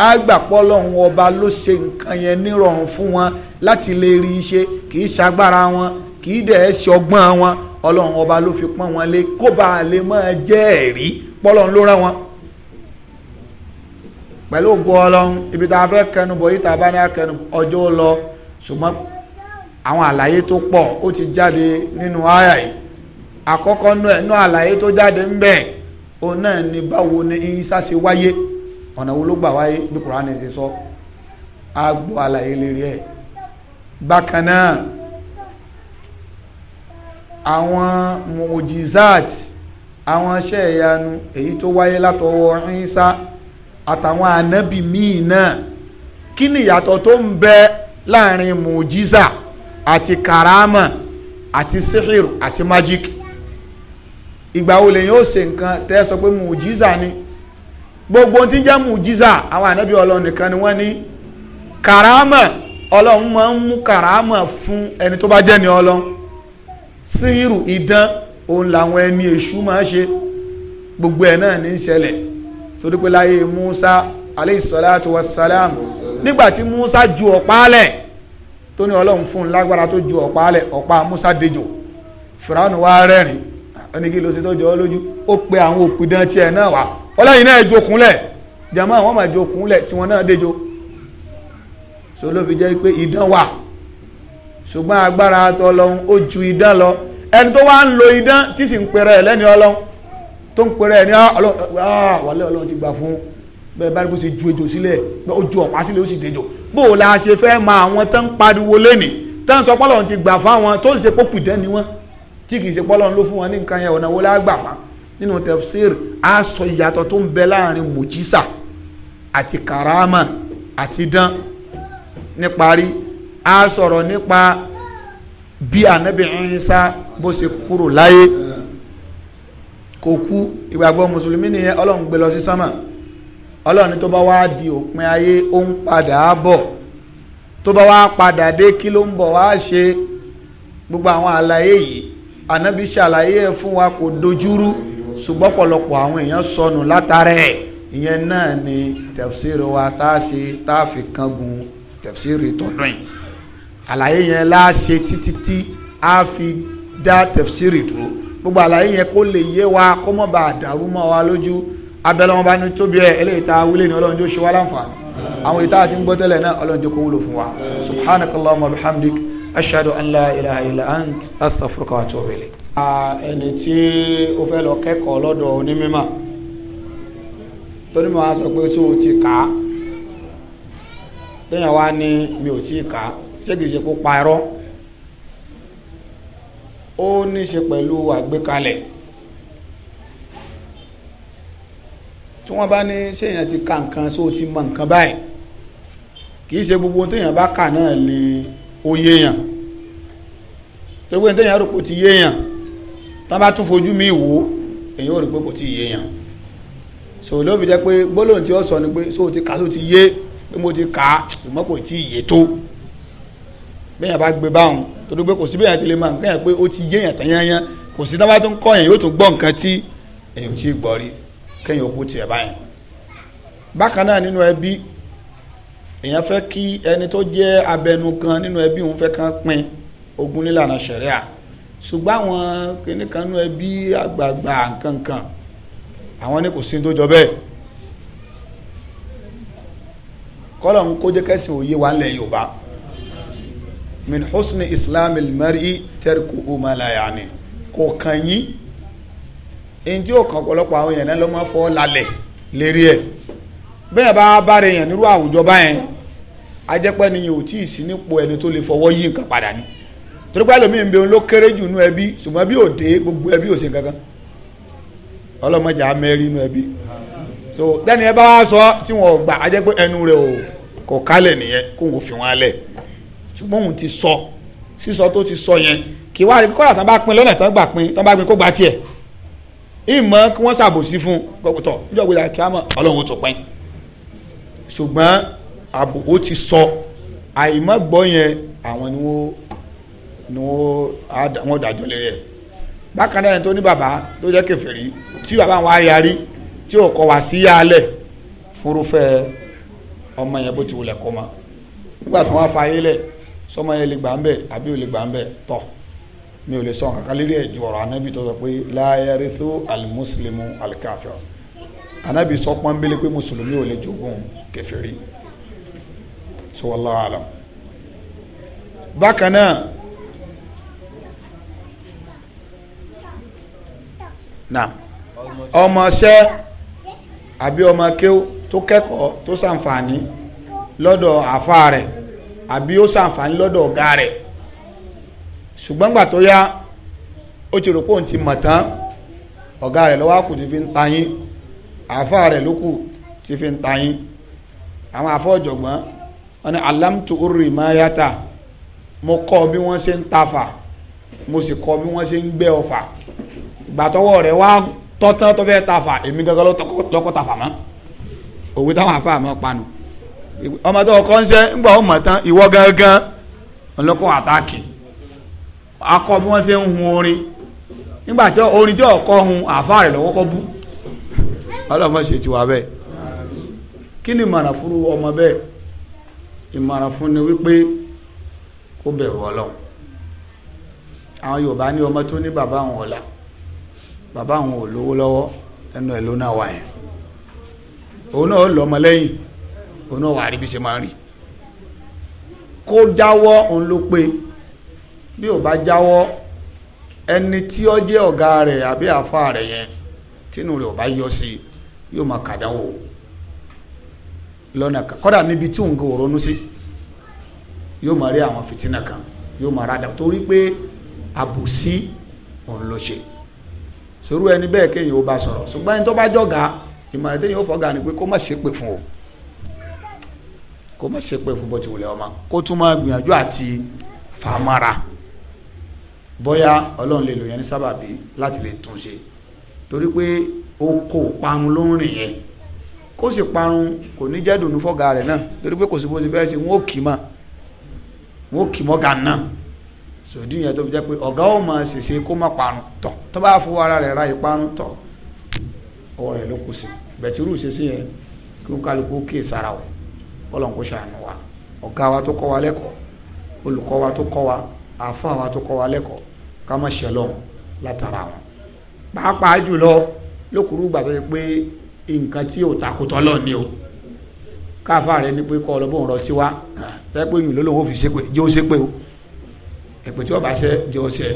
á gbà pé ọlọ́run ọba ló ṣe nǹkan yẹn nírọ̀rùn fún wọn láti lè rí i ṣe kì í ṣagbára wọn kì í dẹ̀ ṣe ọgbọ́n wọn ọlọ́run ọba ló fi pọ́n wọn lé kó bá a lè máa jẹ́ ẹ̀rí pọ́lọ́run ló rán wọn pẹ̀lú ògo ọlọ́run ibi tá a fẹ́ kẹnubọ̀ yìí tá a bá ní akẹnu ọjọ́ lọ ṣùgbọ́n àwọn àlàyé tó pọ̀ ó ti jáde nínú àyà yìí àkọ́kọ́ nú ẹ̀ nú àlàyé tó jáde ń bẹ̀ òun náà ni báwo ni Ìsá ṣe wáyé ọ̀nà wo ló gbà wáyé bí Kùránì ti sọ á gbọ́ àlàyé lérí ẹ̀ bákan náà àwọn mojizat àwọn iṣẹ́ ìyanu èyí tó wáyé látọwọ́ Ìsá àtàwọn ànábì míì náà kí ni ìyàtọ̀ tó ń bẹ láàrin mojiza àti karama àti sihiru àti magic ìgbà wo lèyìn ó ṣe nǹkan tẹ́ sọ pé mùjíza ni gbogbo tí ń jẹ́ mùjíza àwọn ànábì ọlọ́run nìkan ni wọ́n ní kàrámà ọlọ́run máa ń mú kàrámà fún ẹni tó bá jẹ́ ni ọlọ́run síhìrù idán òun làwọn ẹni èṣù máa ṣe gbogbo ẹ̀ náà ní í torí pé láyé Musa aleyhi salatu wa salam nígbà tí Musa ju ọ̀pá lẹ̀ tó ní ọlọ́run fún un lágbára tó ju ọ̀pá lẹ̀ ọ̀pá Musa dejò Fìràánù wá rẹ́rìn-ín ẹni kí ló ṣe tó jọ ọ́ lójú ó pe àwọn òpìdán tiẹ̀ náà wá ọlẹ́yìn náà jokunlẹ̀ jama àwọn máa jokunlẹ̀ tí wọn náà déjo so ló fi jẹ́ pé idán wà ṣùgbọ́n agbára tọlọ́hun ó ju idán lọ ẹni tó wá ń lo idán tí sì ń pèrè ẹ̀ lẹ́ni ọlọ́hun tó ń pèrè ẹ̀ ní ah, ah, wàlẹ́ ọlọ́hun ti gbà fún bẹ́ẹ̀ bá ní kó ṣe ju ejò sílẹ̀ ó ju ọ̀pá sílẹ̀ ó sì déjo bó o la ṣe fẹ́ mọ àwọn tó ń pariwo lẹ́nìí tó ń sọ pé ọlọ́hun ti gbà fáwọn tó ń ṣe pópìdán ni wọ́n tí kì í ṣe pọ́lọ́n ló fún wọn ní nǹkan yẹn ọ̀nà wo lágbà wá nínú tafsir á sọ ìyàtọ̀ tó ń bẹ láàrin mùjísà àti karama àti dán níparí á sọ̀rọ̀ nípa bí anabi Isa bó ṣe kúrò láyé kò kú ìgbàgbọ́ mùsùlùmí nìyẹn ọlọ́run gbé lọ sí sánmà ọlọ́run tó bá wá di òpin ayé ó ń padà bọ̀ tó bá wá padà dé kí ló ń bọ̀ wá ṣe gbogbo àwọn àlàyé yìí ànábi ṣàlàyé ẹ̀ fún wa kò dojúrú ṣùgbọ́n pọ̀lọpọ̀ àwọn èèyàn sọnù látara ẹ̀ ìyẹn náà ni tẹ̀fsírì wa tá a ṣe tá a fi kángun tẹ̀fsírì tọdún yìí àlàyé yẹn láṣe títí a fi dá tẹ̀fsírì dúró gbogbo àlàyé yẹn kó lè yé wa kó mọ̀ bá a dàrú mọ́ wa lójú abẹ́lẹ́ wọn bá ní tóbi ẹ̀ eléyìí tá a wílé ni ọlọ́run tó ṣe wá láǹfààní àwọn ìta àti ń gbọ́ náà ọlọ́run tó kó wúlò fún wa subhanakallahumma bihamdik ashhadu an la ilaha illa ant astaghfiruka wa atubu ilayk. ẹni tí ó fẹ́ lọ kẹ́kọ̀ọ́ lọ́dọ̀ onímọ̀ tónímọ̀ á sọ pé tó o ti kà á téèyàn wá ní mi ò tí ì kà á ṣé kìí ṣe kó pa irọ́ ó ní ṣe pẹ̀lú àgbékalẹ̀ tí wọ́n bá ní séèyàn ti ka nǹkan sóò ti mọ nǹkan báyìí kìí ṣe gbogbo téèyàn bá kà náà lè ó yéèyàn torí pé téèyàn rò pé ó ti yéèyàn tá bá tún fojú mi wò ó èyàn ò rí pé kò ti yéèyàn so ló fi jẹ́ pé gbólóhùn tí ó sọ ni pé so ti kà so ti yé pé mo ti kà á ṣùgbọ́n kò tí ì yé tó bẹ́ẹ̀ bá gbé báwọn torí pé kò sí bẹ́ẹ̀ ṣe lè máa kẹ́yàn pé ó ti yéèyàn tán yányán kò sí dábàá tó ń kọ́ yẹn yóò tún gbọ́ nǹkan tí èyàn ò tí ì gbọ́ rí kẹ́yìn òkú tiẹ̀ báyìí bákan náà nínú ẹbí èèyàn fẹ́ kí ẹni tó jẹ́ abẹnugan nínú ẹbí òun fẹ́ kàn pín ogún nílànà ṣẹ̀ríà ṣùgbọ́n àwọn kìnnìkan nínú ẹbí àgbààgbà nkankan àwọn ní kò sí tó jọ bẹ́ẹ̀ kọ́lọ̀ ń kó jẹ́ kẹ́sìn òye wa ńlẹ̀ yorùbá min husni islam al-mar'i tẹ́rìkù umalayani kò kàn yín èyí tí ó kàn ọ̀pọ̀lọpọ̀ àwọn èèyàn náà ló máa fọ́ lálẹ̀ lérí ẹ̀ bẹ́ẹ̀ bá bá rẹ̀ yàn nírú àwùjọ báyẹn ajẹ́pẹ́ ni yóò tí ì sí nípò ẹni tó lè fọwọ́ yí nǹkan padà ni torí pé ẹlòmíì ń bẹ ló kéré jù nú ẹbí ṣùgbọ́n bí òde gbogbo ẹbí ò ṣe kankan ọlọ́mọdé amẹ́rí nú ẹbí so dẹ́ni ẹ bá wá sọ tí wọn ò gbà ajẹ́pẹ́ ẹnu rẹ̀ ò kò kálẹ̀ nìyẹn kó wọn fi wọn lẹ̀ ṣùgbọ́n òun ti sọ sísọ tó ti sọ yẹn kì wá kọ́lá tán bá pín lọ́nà tán gbà pín tán bá pín kó gbà tiẹ̀ ìmọ̀ kí wọ́n ṣàbòsí fún gbọ́kùtọ̀ níjọ́ gbé ṣùgbọ́n àbò ó ti sọ àìmọ́gbọ́ yẹn àwọn ni wọ́n ni wọ́n dájọ́ lé rẹ̀ bákan náà tó ní bàbá tó jẹ́ kèfèrí tí bàbá wọn yarí tí ò kọ́ wá sí yálẹ̀ fúrúfẹ́ ọmọ yẹn bó ti wulẹ̀ kọ́ ma nígbà tó wọn fa ayé lẹ̀ sọmọ yẹn lè gbà ń bẹ̀ àbí ò lè gbà ń bẹ̀ tọ̀ mi ò lè sọ nǹkan ẹ̀ ju ọ̀rọ̀ anábì tó sọ pé la yarithu al-muslimu al anabi sọ pọ́nbélé pé mùsùlùmí ò lè jogún kèfèrí so wallahu alam na ọmọọṣẹ́ àbí ọmọ kéw tó kẹkọọ tó ṣàǹfààní lọdọ àfa rẹ àbí ó ṣàǹfààní lọdọ ọ̀gá rẹ̀ ṣùgbọ́n gbà tó yá ó ti rò pé òun ti tán àáfà rẹ̀ lókù ti fi ń ta yín àwọn wọn ni alamtu uri mayata mo kọ́ bí wọ́n ṣe ń tafà mo sì kọ́ bí wọ́n ṣe ń gbẹ́ ọfà gbàtọ́wọ́ rẹ̀ wá tọ́tán tó fẹ́ èmi gángan lọ́kọ́ tafà mọ́ òwe táwọn àáfà panu ọmọ tó kọ́ ń ṣe ń gbà ó tán ìwọ gángan àtàkì akọ bí ṣe ń hun orin nígbà tí orin tí ọkọ hun àáfà rẹ̀ lọ́wọ́ ọlọ́mọ ṣe ti wà bẹ́ẹ̀ kí ni ìmọ̀ràn fún ọmọ bẹ́ẹ̀ ìmọ̀ràn fún ni wípé kó bẹ̀rù ọlọ́run àwọn yorùbá ní ọmọ tó ní bàbá àwọn ọ̀la bàbá àwọn ò lówó lọ́wọ́ ẹnu ẹ̀ ló náà wà yẹn òun náà lọ lẹ́yìn òun náà wà rí bí ṣe máa rí kó jáwọ́ òun ló pé bí ò bá jáwọ́ ẹni tí ó jẹ́ ọ̀gá rẹ̀ àbí àfa rẹ̀ yẹn tínú rẹ̀ ò bá yọ sí i yóò máa kàdánwò lọ́nà kan kọ́dà níbi tí òun kò ronú sí yóò máa rí àwọn fìtínà kan yóò máa rádà torí pé àbòsí òun ló ṣe sòrú ẹni bẹ́ẹ̀ kéèyàn ó bá sọ̀rọ̀ ṣùgbọ́n ẹni tó bá jọ̀gá ìmọ̀ràn téèyàn ó fọ́gà ni pé kó má ṣépè fún o kó má ṣépè fún bó wulẹ̀ ọmọ kó tún máa gbìyànjú àti fàmọ́ra bóyá ọlọ́run lè lò yẹn ní sábàbí láti lè tún torí pé oko parun ló ń rìn yẹn kó sì parun kò ní jẹ́ dùnú fọ́gà rẹ̀ náà torí pé kò sí bó ti bẹ́ẹ̀ sí wọn ò kì í mọ̀ wọn ò kì í mọ́ gan náà sòdí yẹn tó fi jẹ́ pé ọ̀gá ò máa ṣèṣe kó má parun tọ̀ tó bá fowó ara rẹ̀ ra ìparun tọ̀ ọwọ́ rẹ̀ ló kù sí bẹ̀tírù ṣèṣe yẹn kí wọ́n kálukú kíyè sára o ọlọ́run kó ṣàánú wa ọ̀gá wa tó kọ́ wa lẹ́kọ̀ọ́ olùkọ́ wa tó kọ́ wa àáfàá wa tó kọ́ wa lẹ́kọ̀ọ́ ká má ṣe látara wọn pàápàá jùlọ lókùrú gbà tó yẹ pé nǹkan tí ò takùtọ̀ lọ ni o káfá rẹ ni pé kọ́ ọlọ́bọ̀n rọ tiwa ẹ pé yìnyín lólóhùn òfin ṣépè jẹ́ ó ṣépè o ẹ̀pẹ̀ tí wọ́n bá ṣe jẹ́ ó ṣe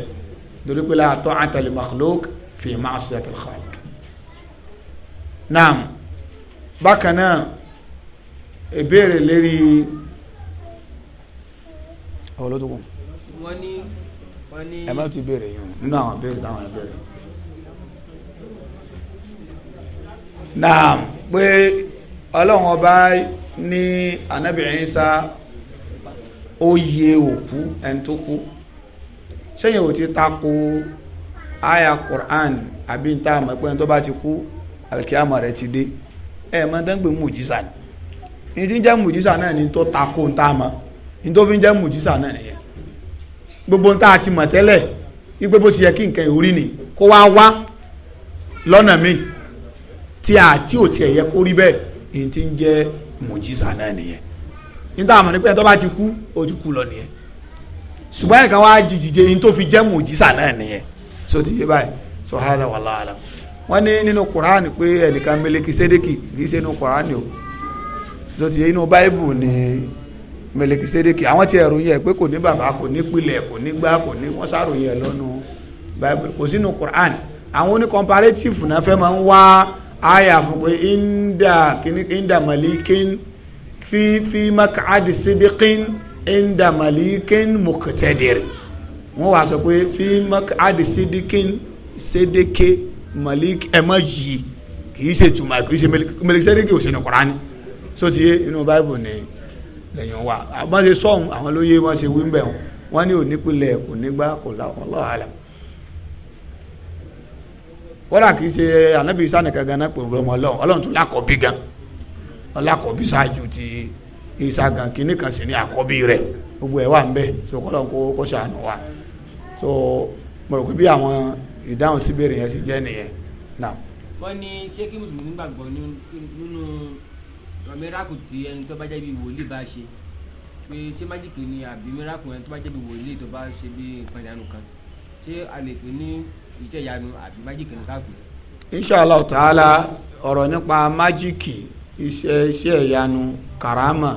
torí pé la ta'ata li makhluq fi ma'siyati al-khaliq. naam bákan náà ìbéèrè lérí ọ̀rọ̀ ló tó kù. wọ́n ní wọ́n ní. ẹ má ti béèrè yìí o nínú àwọn táwọn ẹ béèrè. náà pé ọlọ́run ọba ní anabi Isa ó yẹ òkú ẹni tó kú sẹ́yìn ò ti tako aya Qur'an àbí níta àmọ́ pé ẹni tó bá ti kú alikiyama rẹ̀ ti dé ẹ̀ mọ́ dáńgbé mùjísà ni ní tí ń jẹ́ mùjísà náà ní tó tako ń tá a mọ̀ ní tó fi ń jẹ́ mùjísà náà nìyẹn gbogbo ń tá a ti mọ̀ tẹ́lẹ̀ wípé bó ṣe yẹ kí nǹkan ìwúrí ni kó wá wá lọ́nà míì tí àti òtí ẹ̀yẹ kó rí bẹ́ẹ̀ èyí ń jẹ́ náà nìyẹn níta mọ̀ ní pé bá ti kú o ti kú lọ nìyẹn ṣùgbọ́n ẹnìkan wá jìjìjẹ yín tó fi jẹ́ mùjísà náà nìyẹn so ti yé báyìí so hàdà wàlá àlà wọ́n ní nínú kuraani pé ẹnìkan sédèkì ṣe o so ti yé inú meleki sédèkì àwọn ti pé kò ní bàbá kò ní pilẹ̀ kò ní gbá kò ní wọ́n lọ́nu kò sínú kuraani àwọn oní aya fún pé inda kini inda malikin fi fi mak'adi sidiqin inda malikin muqtadir wọ́n wá sọ pé fi mak'adi sidiqin sedeke malik emaji kìí ṣe tuma kìí ṣe melikisedeke ò sínú Kùránì so ti yé inú báìbù ni lẹ́yìn wa àwọn ṣe sọhùn àwọn ló yé wọn ṣe wíńbẹ wọn ní onípìlẹ kò ní gbá kò láwọn lọ àlà wọ́dà kì í ṣe ànábì isa nìkan gan náà pèrò ọmọ ọlọ́run ọlọ́run tún lákọ̀ọ́bí gan ọlákọ̀ọ́bí ṣáájú ti isa gan kìíní kan sì ní àkọ́bí rẹ̀ gbogbo ẹ̀ wà ń bẹ̀ so kọ́lọ́n kó kó ṣàánú wa so mo rò pé bí àwọn ìdáhùn síbèrè yẹn ṣe jẹ́ nìyẹn náà. wọ́n ní ṣé kí mùsùlùmí gbàgbọ́ nínú mẹ́rákù tí ẹni tó bá jẹ́ bí wòlíì bá ṣe pé ṣé májìkì ni àbí mẹ́rákù ẹni tó bá jẹ́ bí wòlíì tó bá ṣe bí ìpàdánù kan ṣé a lè ní iṣẹ́ ìyanu àbí májíkì nìkan kù. inshallah taala ọ̀rọ̀ nípa májíkì iṣẹ́ iṣẹ́ ìyanu karama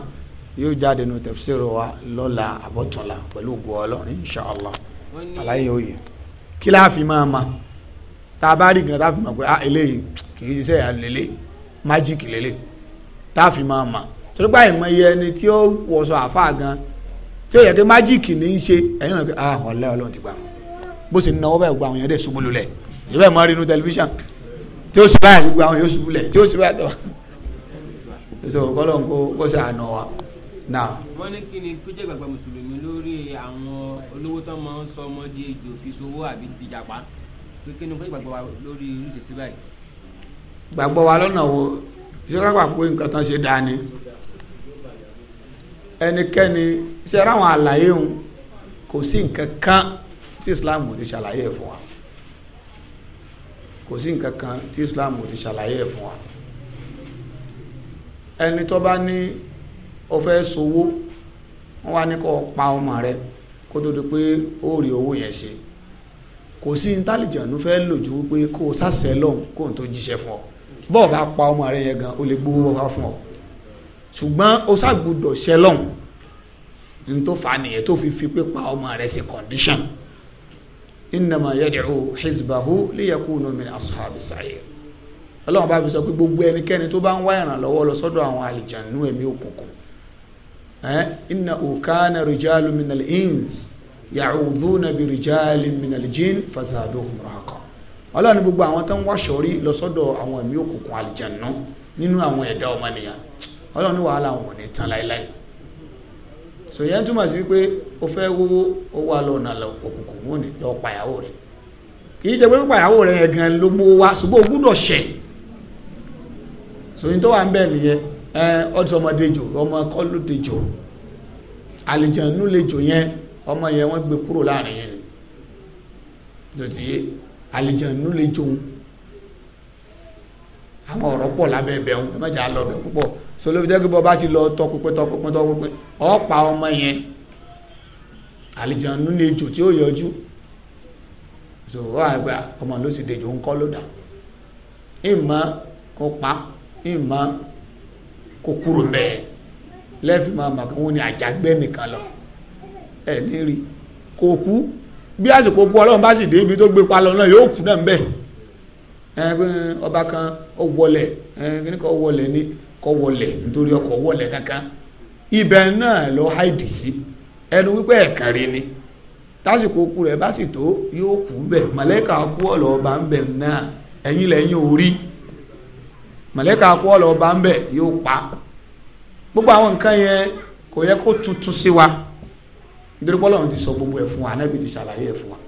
yóò jáde nù tafsir wa lọ́la àbọ̀túnla pẹ̀lú ògùn ọlọ́run inshallah aláyé òye kí la fi máa ma tá a bá rí nǹkan tá a fi mọ̀ pé ah eléyìí kì í ṣiṣẹ́ ìyanu lélẹ̀ májíkì lélẹ̀ tá a fi máa ma torí báyìí mọ iye ẹni tí ó wọṣọ àfáà gan tí ó yẹ kí májíkì ní í ṣe ẹ̀yìn náà ah ọ̀lẹ́ ọlọ́run ti gbà mọ́ bó ṣe náwó báyìí gbogbo àwọn yẹn dẹ̀ ṣubú lulẹ̀ ìbẹ́ mọ́ rinú tẹlifíṣàn tí ó ṣe báyìí gbogbo àwọn yóò ṣubú lẹ̀ tí ó ṣe báyìí tọ́wọ́ ṣe kọ́ lọ́n kó kó ṣe àná wa náà. wọ́n ní kí ni kó jẹ́ gbàgbà mùsùlùmí lórí àwọn olówó tó máa ń sọ ọmọ di ejò fi sowó àbí dìjàpá kí ni kó jẹ́ gbàgbà wa lórí irú ìṣesí báyìí. gbàgbọ́ wa lọ́nà wo ṣé ká pàpọ̀ nǹkan tán ṣe dáa ni ẹnikẹ́ni ṣe ara àwọn àlàyé òun kò sí nǹkan kan tí islam ò ti ṣàlàyé ẹ̀ fún wa kò sí nǹkan kan tí islam ò ti ṣàlàyé ẹ̀ fún wa ẹni tó bá ní ó fẹ́ sowó wọ́n wá ní kó pa ọmọ rẹ̀ kó tó di pé ó rí owó yẹn ṣe kò sí intelligent fẹ́ lò ju pé kó o sàṣẹ lọ́hùn kó o tó jíṣẹ́ fún ọ bọ́ọ̀ bá pa ọmọ rẹ̀ yẹn gan o lè gbowó wá fún ọ ṣùgbọ́n o ṣàgbọ́dọ̀ ṣẹlọ́hùn ní tó fa nìyẹn tó fi fi pé pa ọmọ rẹ̀ ṣe condition innama يدعو حزبه ليكونوا من ashabi السعير. ọlọ́run bá fi sọ pé gbogbo ẹnikẹ́ni tó bá ń wá ìrànlọ́wọ́ lọ sọ́dọ̀ àwọn àlìjànú ẹ̀mí òkùnkùn inna ukana rijalu min al-ins ya'udhuna bi rijalin min al-jin fazaduhum rahaqa ọlọ́run ní gbogbo àwọn tó ń wáṣọrí lọ sọ́dọ̀ àwọn ẹ̀mí òkùnkùn àlìjànú nínú àwọn ẹ̀dá ọmọnìyàn ọlọ́run ní wàhálà wọn ní tán láéláé so yẹn túmọ̀ sí wípé o fẹ́ wówó o wà lọ́nà òkùnkùn wọn ni lọ́ọ́ pàyàwó rẹ̀ kì í jẹ́ pé pàyàwó rẹ̀ yẹn gan ló mú wa ṣùgbọ́n o gbúdọ̀ ṣẹ̀ so yín tó wà ń bẹ̀ nìyẹn ọmọdé jò ọmọ kọ́ jò àlìjànú lè jò yẹn ọmọ yẹn wọ́n gbé kúrò láàrin yẹn ni àlìjànú lè àwọn ọ̀rọ̀ pọ̀ lábẹ́ ẹ má jà lọ so ló fi jẹ́ pé bọ́ bá ti lọ tọpinpin tọpinpin tọpinpin ọ̀pá ọmọ yẹn àlìjànú ni ejò tí ó yọjú so ó wà pé ọmọ ló sì dejò ń kọ́ ló dà ìmọ̀ kó pa ìmọ̀ kó kúrò bẹ́ẹ̀ lẹ́ẹ̀fì máa mà kí wọ́n ní àjàgbẹ́ nìkan lọ ẹ̀ ní rí kò kú bí àsìkò kú ọlọ́run bá sì dé ibi tó gbé pa lọ náà yóò kú náà ń bẹ̀ ọba kan ó wọlẹ̀ kíníkan ó wọlẹ̀ ní kọ́ wọlẹ̀ nítorí ọkọ̀ kankan ibẹ̀ náà lọ háìdì sí ẹnu wípé ẹ̀kan rí ni tásìkò kú rẹ̀ bá sì tó yóò kú bẹ̀ mọ̀lẹ́kà kú ọ̀lọ́ ọba ń bẹ̀ náà ẹ̀yìn lẹ́yìn orí mọ̀lẹ́kà kú ọ̀lọ́ ọba ń bẹ̀ yóò pa gbogbo àwọn nǹkan yẹn kò yẹ kó tuntun sí wa nítorí sọ gbogbo efuwa fún wa anábì ti ṣàlàyé fún wa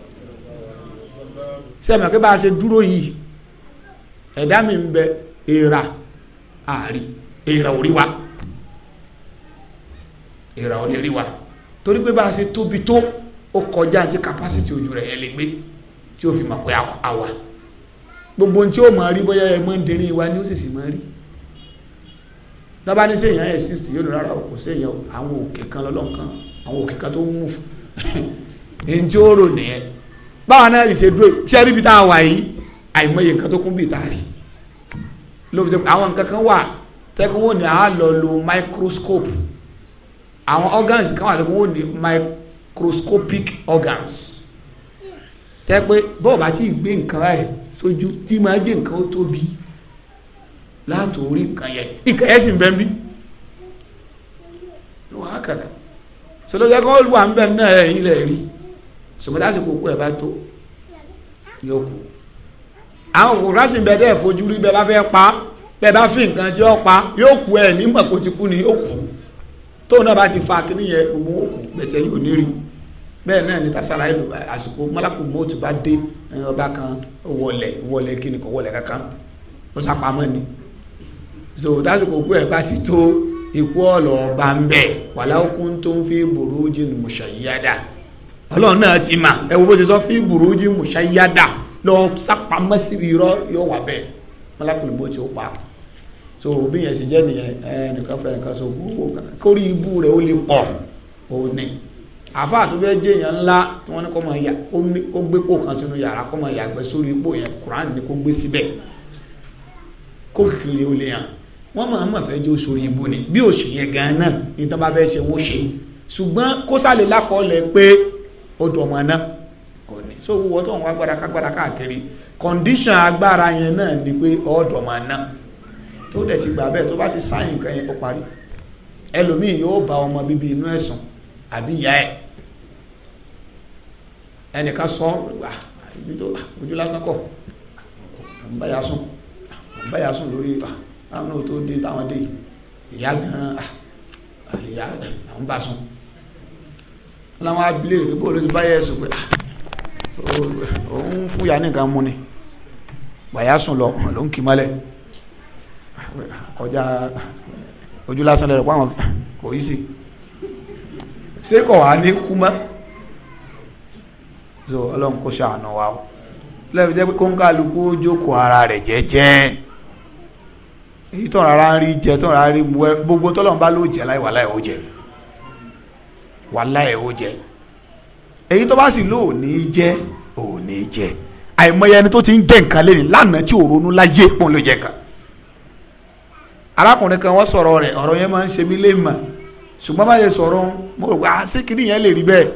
ṣe dúró mi ń bẹ èèrà pé ìrà ò rí wa ìrà ò ní rí wa torí pé bá a ṣe tóbi tó ó kọjá àti capacity ojú rẹ̀ ẹ lè gbé tí ó fi mọ̀ pé àwa gbogbo tí ó máa rí bóyá ẹ mọ́ ń dirin wa ni ó sì sì máa rí tábà ní sèyàn ẹ̀ sixty yóò lọ rárá o kò sèyàn àwọn òkè kan lọ́lọ́kan àwọn òkè kan tó mú fún ẹni tí ó rò nìyẹn báwa náà yìí ṣe dúró ṣé tá a wà yìí àìmọye nǹkan tó kún bí ìta rí lóbi tó àwọn nǹkan kan wà tẹ́kun wò ní a lọ lo microscope àwọn organs kan wà tẹ́kun wò ní microscopic organs tẹ́pẹ́ bọ́ọ̀ bá ti gbé nǹkan ẹ̀ sójú tí máa jẹ́ nǹkan ó tóbi látòrí nǹkan yẹn nǹkan yẹn sì ń bẹ ń bí wàá kàdà sọlọ́jà kan wà ń bẹ náà ẹ̀yìn lẹ̀ rí sọmọdé àsìkò kú ẹ̀ bá tó yóò kú àwọn òkú rásìmbẹ́dẹ́ fojú rí bẹ́ẹ̀ bá fẹ́ pa á bẹ́ẹ̀ bá fi nǹkan tí ó pa yóò kú ẹ̀ nímọ̀ kó ti kú ni yóò kú tóun náà bá ti fa kíní yẹn gbogbo ó gbẹ̀tẹ̀ yóò ní bẹ́ẹ̀ náà ni tasara àsìkò mọ́lákù mọ́tò bá dé ọba kan wọlé wọlé kíni kò wọlé kankan ó sàpamọ́ ni so dásìkò kú ẹ̀ bá ti tó ikú ọ̀lọ́ ọba ń bẹ̀ wàláwó kún tó ń fi burujin mushayyada ọlọ́run náà ti mà ẹ wo bó ti sọ fi burujin mushayyada lọ sápamọ́ sí irọ́ yóò wà bẹ́ẹ̀ mọ́lákù mọ́tò ó pa á so bí yẹn ṣe jẹ́ nìyẹn ẹnìkan fẹ́ nìkan so gbogbo kórí ibú rẹ̀ ó lè pọ̀ òun ni àfáà tó fẹ́ jẹ́ èèyàn ńlá tí wọ́n ní kọ́ máa yà ó gbé pò kan sínú yàrá kọ́ máa yàgbẹ́ sórí ipò yẹn Quran ni kó gbé síbẹ̀ kó kiri ó lè hàn wọ́n máa ń mọ̀ fẹ́ jẹ́ sórí ibú ni bí òṣè yẹn gan náà ní tó bá fẹ́ ṣe wọ́n ṣe ṣùgbọ́n kó lákọọ́lẹ̀ pé ó dùn ọmọ náà kò ní so gbogbo tó ń wá agbára kágbára káàkiri condition agbára yẹn náà ni pé ọ̀dọ̀ ọmọ náà tó dẹ̀ ti gbà bẹ́ẹ̀ tó bá ti sáyìn nǹkan yẹn kó parí ẹlòmíì yóò bá ọmọ bíbí inú ẹ̀sùn àbí ìyá ẹ̀ ẹnìkan sọ wà ojú lásán kọ̀ báyà sùn báyà sùn lórí àwọn tó dé táwọn dé ìyá gan ìyá àwọn bá sùn láwọn abilé rẹ̀ gbogbo olóyìn báyà ẹ̀sùn pé òun fúyà nìkan mú ni báyà sùn lọ ló ń kí mọ́lẹ̀ ọjà ojú lásán lẹ́rọ pàwọn kò yí sí ṣé kò wá ní kú mọ́ so ọlọ́run kò ṣàánú wa o lẹ́bi jẹ́ pé kó ń kálukú ó jókòó ara rẹ̀ jẹ́jẹ́ èyí tó rárá ń rí jẹ tó rárá rí mu ẹ gbogbo tọ́lọ́run bá ló jẹ láì wàláì ó jẹ wàláì ó jẹ èyí tó bá sì lò ò ní jẹ ò ní jẹ àìmọye ẹni tó ti ń jẹ nǹkan lé ní lánàá tí ò ronú láyé òun ló jẹ nǹkan arákùnrin kan wọ́n sọ̀rọ̀ rẹ̀ ọ̀rọ̀ yẹn máa ń ṣe mí lé ṣùgbọ́n bá sọ̀rọ̀ mo rò pé ah ṣé kìnìún yẹn lè rí bẹ́ẹ̀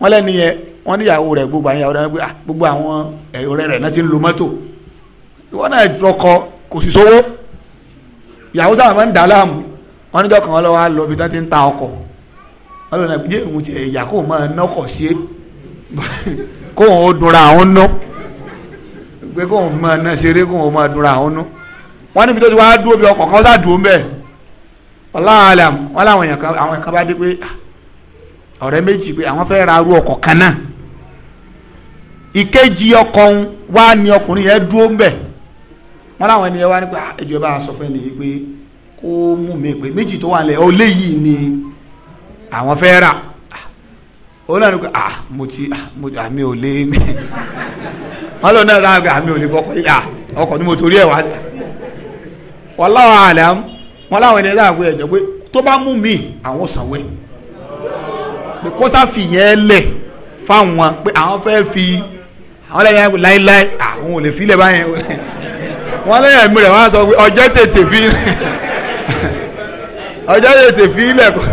wọ́n lẹ́ni yẹn wọ́n níyàwó rẹ̀ gbogbo àwọn ìyàwó rẹ̀ pé ah gbogbo àwọn ọ̀rẹ́ rẹ̀ náà ti ń lo mọ́tò wọ́n náà rọkọ kò sì sówó ìyàwó sábà máa ń dà láàmú wọ́n níjọ́ kan lọ́wọ́ á lọ ibi tán ti ń ta ọkọ̀ wọ́n lọ́nà ìpínlẹ̀ òun [LAUGHS] wọ́n níbi tó ti wá dúró bí ọkọ̀ kan sá dúró mbẹ́ ọláàlà wọn làwọn èèyàn kan àwọn kan bá dé pé ah, ọ̀rẹ́ méjì pé àwọn fẹ́ ra arú ọkọ̀ kan náà ìkejì ọkọ̀ ọkùnrin yẹn dúró wọn làwọn ènìyàn ìjọba ah, nìyí pé kó mú mi pé méjì tó wà lẹ̀ léyìí ni àwọn fẹ́ ah, pé ah mo ti ah mo ti àmì ò lé mi wọn lọ náà àmì ò lè fọkọ ni mo torí wá wallahu alam wọn láwọn ẹni dáhùn pé pé tó bá mú mi àwọn sanwó ẹ kó sáfì yẹn fáwọn pé àwọn fẹ́ fi àwọn lẹ́yìn ẹ̀kú láíláí àwọn ò lè filẹ̀ báyẹn wọn lẹ́yìn ẹ̀mí rẹ̀ wọ́n á sọ pé ọjọ́ tètè fi ọjọ́ tètè fi kọ́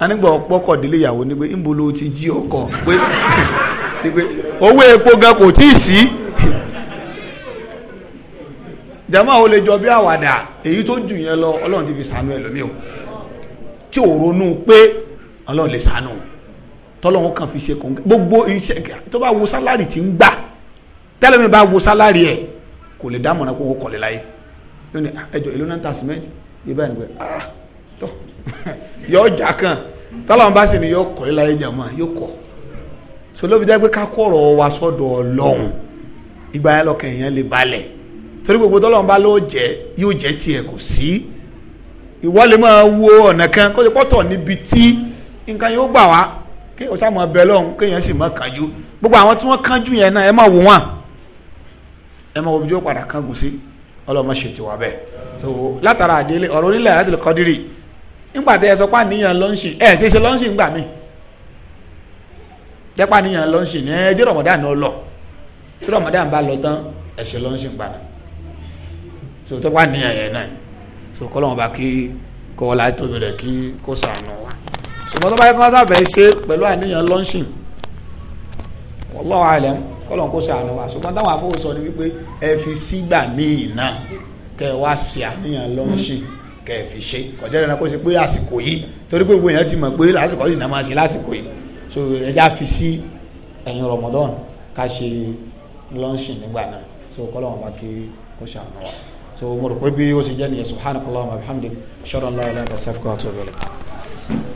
anigba délé ìyàwó ni pé ń bolo ti jí ọkọ̀ pé. owó epo gan kò tí ì jama jọ bí àwàdà èyí tó jù yẹn lọ ọlọ́run ti fi sànú o tí ò ronú pé ọlọ́run lè sànú tọ́lọ́run kàn fi ṣe kàn gbogbo iṣẹ́ tó bá wo sálárì tí ń gbà tẹ́lẹ̀mí bá wo sálárì ẹ̀ kò lè dámọ̀ràn kó wọ́n kọ̀lé láyé ìlú náà ta yọ ọjà [LAUGHS] kan tọ́lọ́run bá sì ni yọ láyé jàmọ́ yóò kọ̀ so ló fi jẹ́ pé ká kọ̀rọ̀ wa sọ́dọ̀ ọlọ́run ìgbà yẹn lọ́kàn èèyàn lè balẹ̀ torí gbogbo tọ́lọ́run bá ló jẹ́ yóò jẹ́ tiẹ̀ kò sí ìwọ lè máa wo ọ̀nà kan kó lè pọ̀tọ̀ níbi tí nǹkan yóò gbà wá kí o sá mọ̀ bẹ lọ́hùn kéèyàn sì má kánjú gbogbo àwọn tí wọ́n kánjú yẹn náà ẹ má wò wọ́n ẹ má wo bí yóò padà kángun sí ọlọ́mọ ṣètò wa bẹ́ẹ̀ so látara àdélé ọ̀rọ̀ onílẹ̀ àti lọ́kọ́dírì nígbà tẹ́ ẹ sọ pé àníyàn lọ́ńṣì ẹ̀ ṣe ṣe lọ́ńṣì ńgbà míì tẹ́pà níyàn lọ ń ṣe ní ẹjọ́ rọ̀mọ́dán náà lọ tí rọ̀mọ́dán bá lọ tán ẹ̀ṣẹ̀ lọ ń ṣe padà so tẹ́pà níyàn yẹn náà so kọ́lọ́mọ̀ bá kí kọ́wọ́lá tóbi rẹ̀ kí kó sànù wa ṣùgbọ́n tó bá yẹ kí wọ́n sábẹ̀ ṣe pẹ̀lú àníyàn lọ ń ṣe wallahu alam kọ́lọ́mọ̀ kó sànù wa ṣùgbọ́n táwọn afọwọ́ sọ ni wípé ẹ fi sígbà míì náà kẹ́ ẹ wá ṣe àníyàn lọ ń ṣe kẹ́ ẹ fi ṣe kọjá ìrìnà kó ṣe pé àsìkò yìí torí gbogbo èèyàn ti mọ̀ pé lásìkò yìí náà máa ṣe lásìkò yìí so ẹja fi sí ẹ̀yìn Ramadan ká ṣe lọ́ńṣìn nígbà náà so kọ́lọ́ wọn bá kí kó ṣàánú wa so mo rò pé bí ó ṣe jẹ́ nìyẹn subhanakallahumma wa bihamdik ṣọ́rọ̀ ńlá ilẹ̀ ẹ̀dá sẹ́fúkọ́ àti ọ̀bẹ̀lẹ̀.